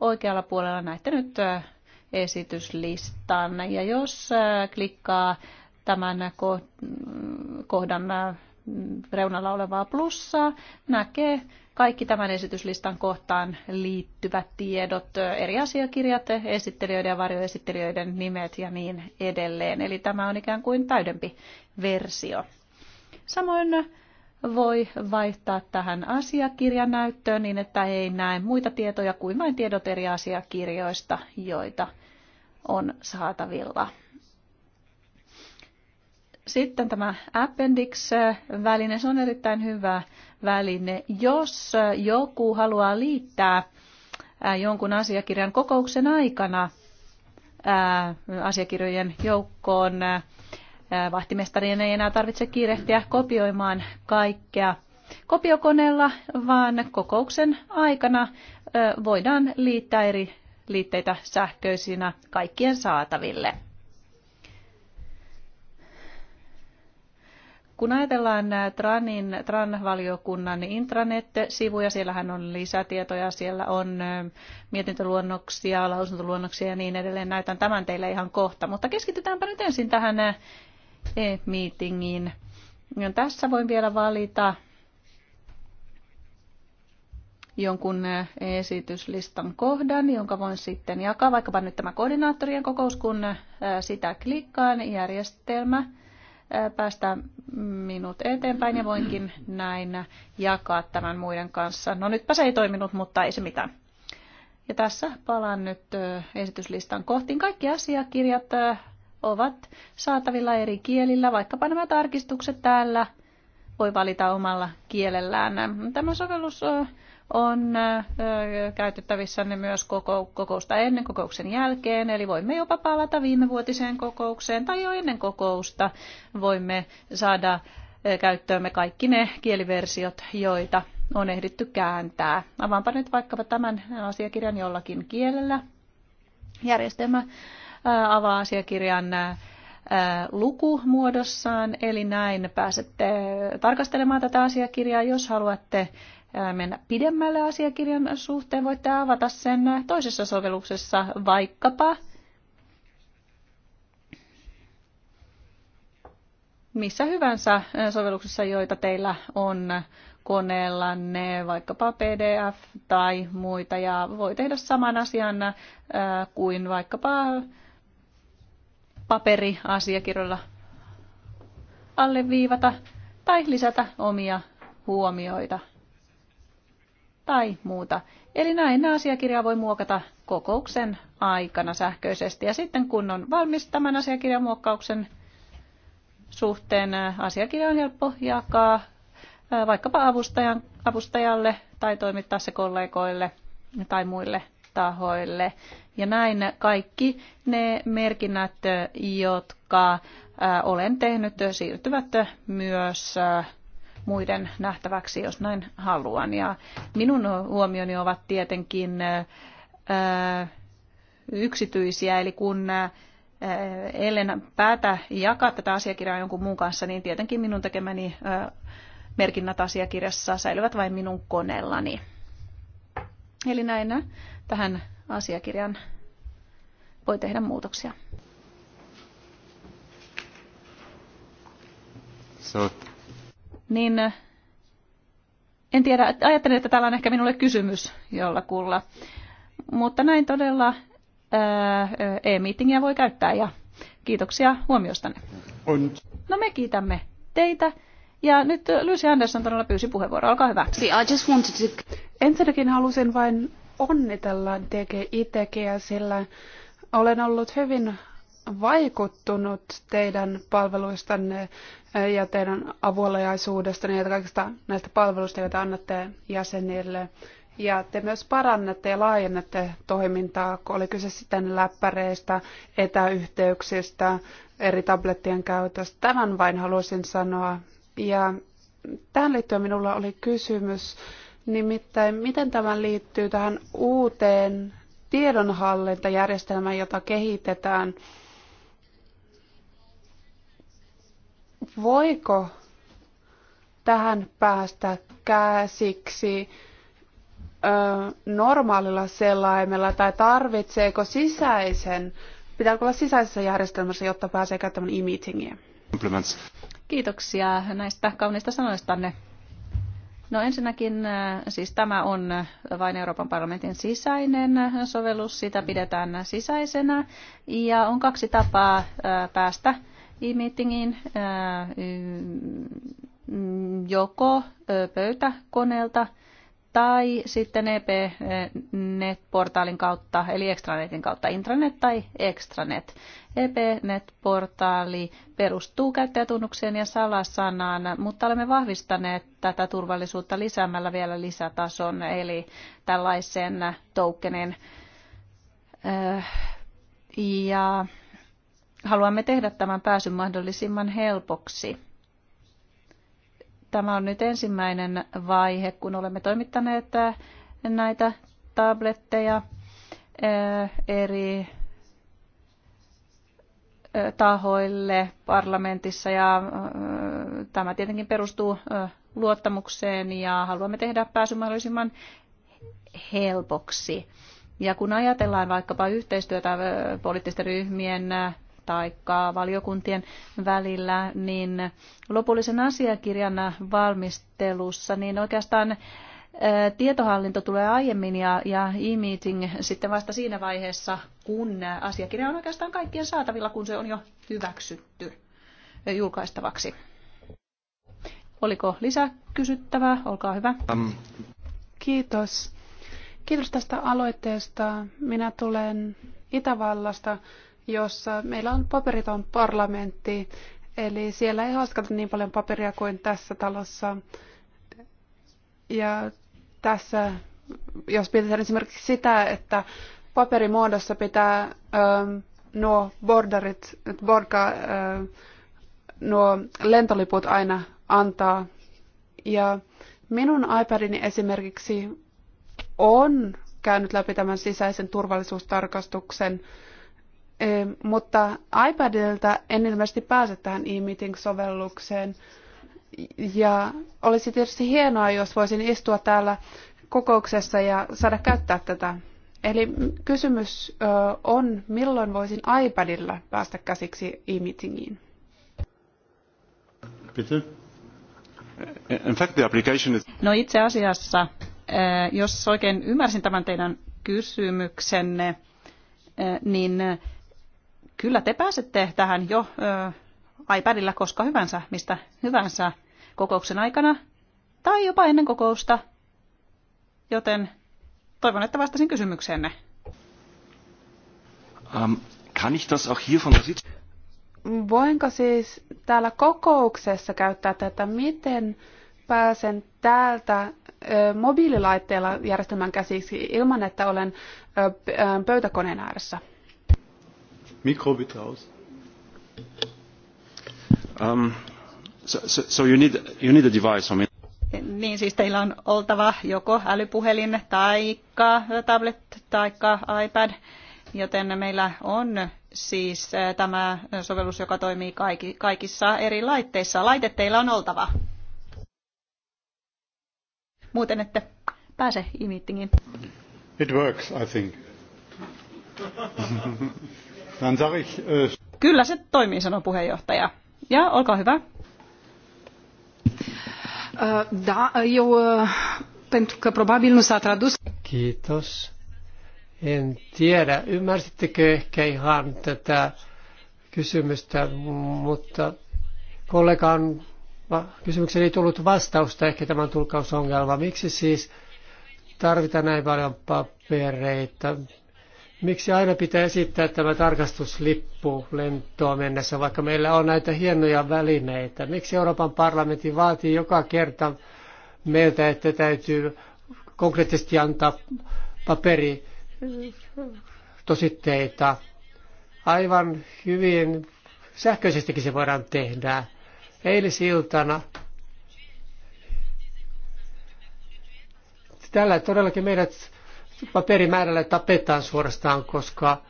oikealla puolella näette nyt äh, esityslistan. Ja jos äh, klikkaa tämän kohdan äh, reunalla olevaa plussaa, näkee kaikki tämän esityslistan kohtaan liittyvät tiedot, eri asiakirjat, esittelijöiden ja varjoesittelijöiden nimet ja niin edelleen. Eli tämä on ikään kuin täydempi versio. Samoin voi vaihtaa tähän asiakirjanäyttöön niin, että ei näe muita tietoja kuin vain tiedot eri asiakirjoista, joita on saatavilla. Sitten tämä Appendix-väline, se on erittäin hyvä väline. Jos joku haluaa liittää jonkun asiakirjan kokouksen aikana asiakirjojen joukkoon Vahtimestarien ei enää tarvitse kiirehtiä kopioimaan kaikkea kopiokoneella, vaan kokouksen aikana voidaan liittää eri liitteitä sähköisinä kaikkien saataville. Kun ajatellaan TRANin, TRAN-valiokunnan intranet-sivuja, siellähän on lisätietoja, siellä on mietintöluonnoksia, lausuntoluonnoksia ja niin edelleen. Näytän tämän teille ihan kohta, mutta keskitytäänpä nyt ensin tähän e-meetingiin. Tässä voin vielä valita jonkun esityslistan kohdan, jonka voin sitten jakaa, vaikkapa nyt tämä koordinaattorien kokous, kun sitä klikkaan, niin järjestelmä päästää minut eteenpäin ja voinkin näin jakaa tämän muiden kanssa. No nytpä se ei toiminut, mutta ei se mitään. Ja tässä palaan nyt esityslistan kohtiin. Kaikki asiakirjat ovat saatavilla eri kielillä. Vaikkapa nämä tarkistukset täällä voi valita omalla kielellään. Tämä sovellus on käytettävissä myös myös kokousta ennen kokouksen jälkeen, eli voimme jopa palata viimevuotiseen kokoukseen tai jo ennen kokousta voimme saada käyttöömme kaikki ne kieliversiot, joita on ehditty kääntää. Avaanpa nyt vaikkapa tämän asiakirjan jollakin kielellä. Järjestelmä avaa asiakirjan lukumuodossaan, eli näin pääsette tarkastelemaan tätä asiakirjaa, jos haluatte mennä pidemmälle asiakirjan suhteen, voitte avata sen toisessa sovelluksessa vaikkapa missä hyvänsä sovelluksessa, joita teillä on koneellanne, vaikkapa PDF tai muita, ja voi tehdä saman asian kuin vaikkapa paperi asiakirjoilla alleviivata tai lisätä omia huomioita tai muuta. Eli näin asiakirjaa voi muokata kokouksen aikana sähköisesti. Ja sitten kun on valmis tämän asiakirjan muokkauksen suhteen, asiakirja on helppo jakaa vaikkapa avustajan, avustajalle tai toimittaa se kollegoille tai muille tahoille. Ja näin kaikki ne merkinnät, jotka olen tehnyt, siirtyvät myös muiden nähtäväksi, jos näin haluan. Ja minun huomioni ovat tietenkin yksityisiä, eli kun ellen päätä jakaa tätä asiakirjaa jonkun muun kanssa, niin tietenkin minun tekemäni merkinnät asiakirjassa säilyvät vain minun koneellani. Eli näin tähän asiakirjan voi tehdä muutoksia. So. Niin, en tiedä, ajattelin, että täällä on ehkä minulle kysymys jollakulla. Mutta näin todella e-meetingiä voi käyttää ja kiitoksia huomiostanne. Und. No me kiitämme teitä. Ja nyt Lucy Anderson todella pyysi puheenvuoroa. Olkaa hyvä. See, I just wanted to... Ensinnäkin halusin vain onnitella DG Itekiä, sillä olen ollut hyvin vaikuttunut teidän palveluistanne ja teidän avuliaisuudestanne ja kaikista näistä palveluista, joita annatte jäsenille. Ja te myös parannatte ja laajennatte toimintaa, kun oli kyse sitten läppäreistä, etäyhteyksistä, eri tablettien käytöstä. Tämän vain halusin sanoa. Ja tähän liittyen minulla oli kysymys Nimittäin, miten tämä liittyy tähän uuteen tiedonhallintajärjestelmään, jota kehitetään? Voiko tähän päästä käsiksi ö, normaalilla selaimella tai tarvitseeko sisäisen, pitääkö olla sisäisessä järjestelmässä, jotta pääsee käyttämään e-meetingiä? Kiitoksia näistä kauniista sanoistanne. No ensinnäkin äh, siis tämä on vain Euroopan parlamentin sisäinen sovellus, sitä pidetään sisäisenä ja on kaksi tapaa äh, päästä e-meetingiin äh, joko pöytäkoneelta tai sitten e eh, net portaalin kautta, eli extranetin kautta, intranet tai extranet. E net portaali perustuu käyttäjätunnukseen ja salasanaan, mutta olemme vahvistaneet tätä turvallisuutta lisäämällä vielä lisätason, eli tällaisen tokenin. Eh, ja haluamme tehdä tämän pääsyn mahdollisimman helpoksi Tämä on nyt ensimmäinen vaihe, kun olemme toimittaneet näitä tabletteja eri tahoille parlamentissa ja tämä tietenkin perustuu luottamukseen ja haluamme tehdä pääsy mahdollisimman helpoksi. Ja kun ajatellaan vaikkapa yhteistyötä poliittisten ryhmien tai valiokuntien välillä, niin lopullisen asiakirjan valmistelussa, niin oikeastaan tietohallinto tulee aiemmin ja, ja e-meeting sitten vasta siinä vaiheessa, kun asiakirja on oikeastaan kaikkien saatavilla, kun se on jo hyväksytty julkaistavaksi. Oliko lisää kysyttävää? Olkaa hyvä. Kiitos. Kiitos tästä aloitteesta. Minä tulen Itävallasta jossa meillä on paperiton parlamentti, eli siellä ei haaskata niin paljon paperia kuin tässä talossa. Ja tässä, jos pidetään esimerkiksi sitä, että paperimuodossa pitää ö, ähm, nuo borderit, borka, ö, äh, nuo lentoliput aina antaa. Ja minun iPadini esimerkiksi on käynyt läpi tämän sisäisen turvallisuustarkastuksen, mutta iPadilta en ilmeisesti pääse tähän e-meeting-sovellukseen. Ja olisi tietysti hienoa, jos voisin istua täällä kokouksessa ja saada käyttää tätä. Eli kysymys on, milloin voisin iPadilla päästä käsiksi e-meetingiin? No itse asiassa, jos oikein ymmärsin tämän teidän kysymyksenne, niin kyllä te pääsette tähän jo iPadilla koska hyvänsä, mistä hyvänsä kokouksen aikana tai jopa ennen kokousta. Joten toivon, että vastasin kysymykseenne. Um, kann ich das auch hier von der Voinko siis täällä kokouksessa käyttää tätä? Miten pääsen täältä mobiililaitteella järjestelmän käsiksi ilman, että olen pöytäkoneen ääressä? Mikro bitte aus. Um, so, so, so you, need, you need a device. I mean. Niin siis teillä on oltava joko älypuhelin tai tablet tai iPad, joten meillä on siis eh, tämä sovellus, joka toimii kaikki, kaikissa eri laitteissa. Laite teillä on oltava. Muuten ette pääse e-meetingiin. It works, I think. [LAUGHS] Äh, Kyllä se toimii, sanoi puheenjohtaja. Ja olkaa hyvä. tradus. Kiitos. En tiedä, ymmärsittekö ehkä ihan tätä kysymystä, mutta kollegan kysymykseen ei tullut vastausta, ehkä tämän tulkausongelma. Miksi siis tarvitaan näin paljon papereita? Miksi aina pitää esittää tämä tarkastuslippu lentoon mennessä, vaikka meillä on näitä hienoja välineitä? Miksi Euroopan parlamentti vaatii joka kerta meiltä, että täytyy konkreettisesti antaa paperi äh, tositteita? Aivan hyvin sähköisestikin se voidaan tehdä. Eilisiltana tällä todellakin meidät paperimäärällä tapetaan suorastaan, koska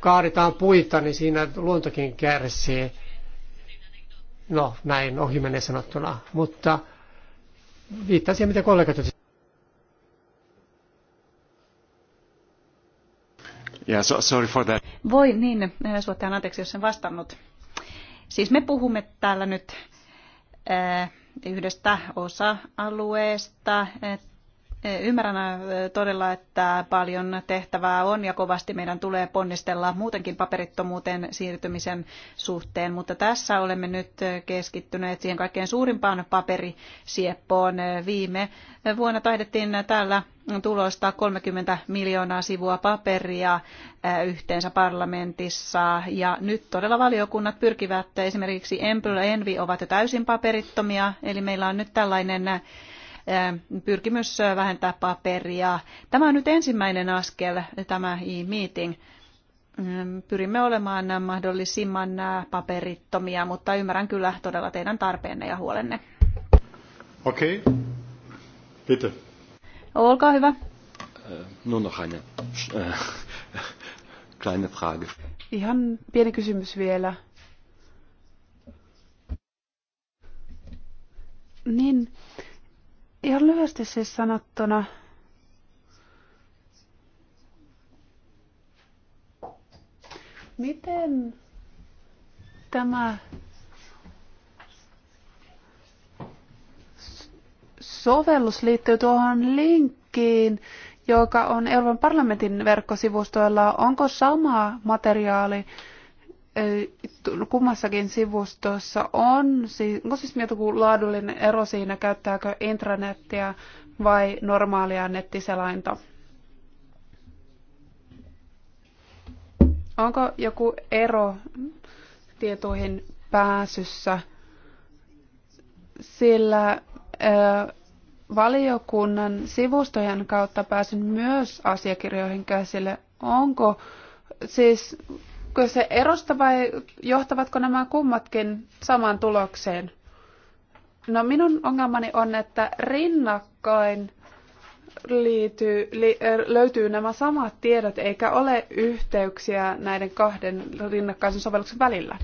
kaaritaan puita, niin siinä luontokin kärsii. No, näin ohimennen sanottuna. Mutta viittaa siihen, mitä kollegat Yeah, so, sorry for that. Voi niin, eh, suotaan anteeksi, jos en vastannut. Siis me puhumme täällä nyt äh, yhdestä osa-alueesta Ymmärrän äh, todella, että paljon tehtävää on ja kovasti meidän tulee ponnistella muutenkin paperittomuuteen siirtymisen suhteen, mutta tässä olemme nyt keskittyneet siihen kaikkein suurimpaan paperisieppoon. Viime vuonna taidettiin täällä tulosta 30 miljoonaa sivua paperia äh, yhteensä parlamentissa. Ja nyt todella valiokunnat pyrkivät, esimerkiksi Empl Envi ovat jo täysin paperittomia, eli meillä on nyt tällainen pyrkimys vähentää paperia. Tämä on nyt ensimmäinen askel, tämä e-meeting. Pyrimme olemaan mahdollisimman paperittomia, mutta ymmärrän kyllä todella teidän tarpeenne ja huolenne. Okei. Okay. Bitte. Olkaa hyvä. Äh, nur noch eine äh, [LAUGHS] kleine Frage. Ihan pieni kysymys vielä. Niin, Ihan lyhyesti siis sanottuna, miten tämä sovellus liittyy tuohon linkkiin, joka on Euroopan parlamentin verkkosivustoilla. Onko sama materiaali kummassakin sivustossa on, siis, onko siis joku laadullinen ero siinä, käyttääkö intranettiä vai normaalia nettiselainta? Onko joku ero tietoihin pääsyssä? Sillä ö, valiokunnan sivustojen kautta pääsin myös asiakirjoihin käsille. Onko siis se erosta vai johtavatko nämä kummatkin samaan tulokseen? No minun ongelmani on, että rinnakkain liittyy, li, löytyy nämä samat tiedot, eikä ole yhteyksiä näiden kahden rinnakkaisen sovelluksen välillä.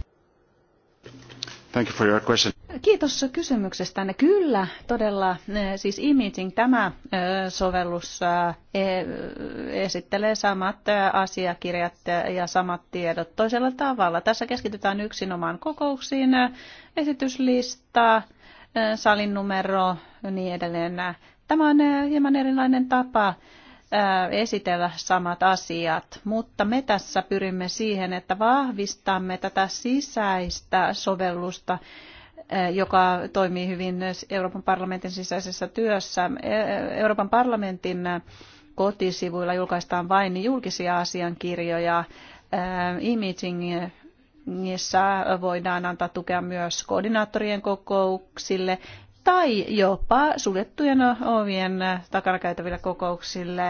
Thank you for your question. Kiitos kysymyksestä. Kyllä, todella, eh, siis Imaging, tämä eh, sovellus eh, esittelee samat asiakirjat ja samat tiedot toisella tavalla. Tässä keskitytään yksinomaan kokouksiin, esityslista, salin numero ja niin edelleen. Tämä on hieman erilainen tapa esitellä samat asiat, mutta me tässä pyrimme siihen, että vahvistamme tätä sisäistä sovellusta, joka toimii hyvin Euroopan parlamentin sisäisessä työssä. Euroopan parlamentin kotisivuilla julkaistaan vain julkisia asiankirjoja. e niissä voidaan antaa tukea myös koordinaattorien kokouksille tai jopa suljettujen ovien takana käytävillä kokouksille,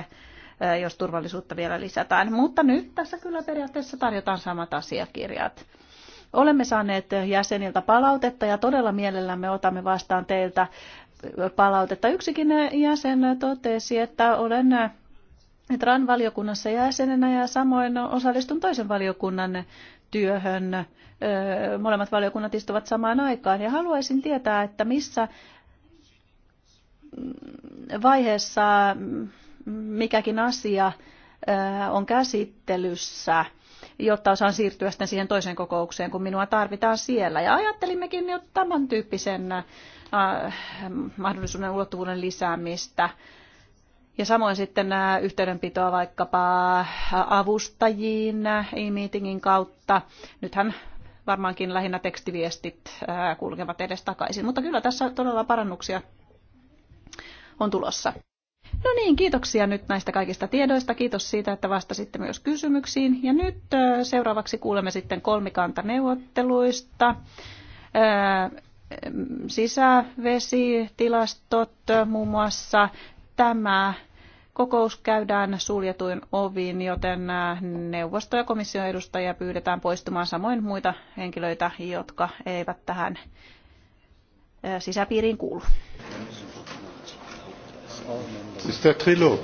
eh, jos turvallisuutta vielä lisätään. Mutta nyt tässä kyllä periaatteessa tarjotaan samat asiakirjat. Olemme saaneet jäseniltä palautetta ja todella mielellämme otamme vastaan teiltä palautetta. Yksikin jäsen totesi, että olen TRAN-valiokunnassa jäsenenä ja samoin osallistun toisen valiokunnan työhön. Molemmat valiokunnat istuvat samaan aikaan ja haluaisin tietää, että missä mm, vaiheessa mm, mikäkin asia on käsittelyssä, jotta osaan siirtyä sitten siihen toiseen kokoukseen, kun minua tarvitaan siellä. Ja ajattelimmekin jo tämän tyyppisen mahdollisuuden ulottuvuuden lisäämistä ja samoin sitten nämä yhteydenpitoa vaikkapa avustajiin e-meetingin kautta. Nythän varmaankin lähinnä tekstiviestit kulkevat edes takaisin, mutta kyllä tässä todella parannuksia on tulossa. No niin, kiitoksia nyt näistä kaikista tiedoista. Kiitos siitä, että vastasitte myös kysymyksiin. Ja nyt seuraavaksi kuulemme sitten kolmikantaneuvotteluista. Sisävesitilastot muun muassa tämä kokous käydään suljetuin oviin, joten neuvosto- ja komission edustajia pyydetään poistumaan samoin muita henkilöitä, jotka eivät tähän sisäpiiriin kuulu. Mr. Trilog.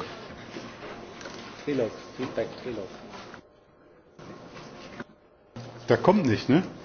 Trilog, feedback, Trilog. Da kommt nicht, ne?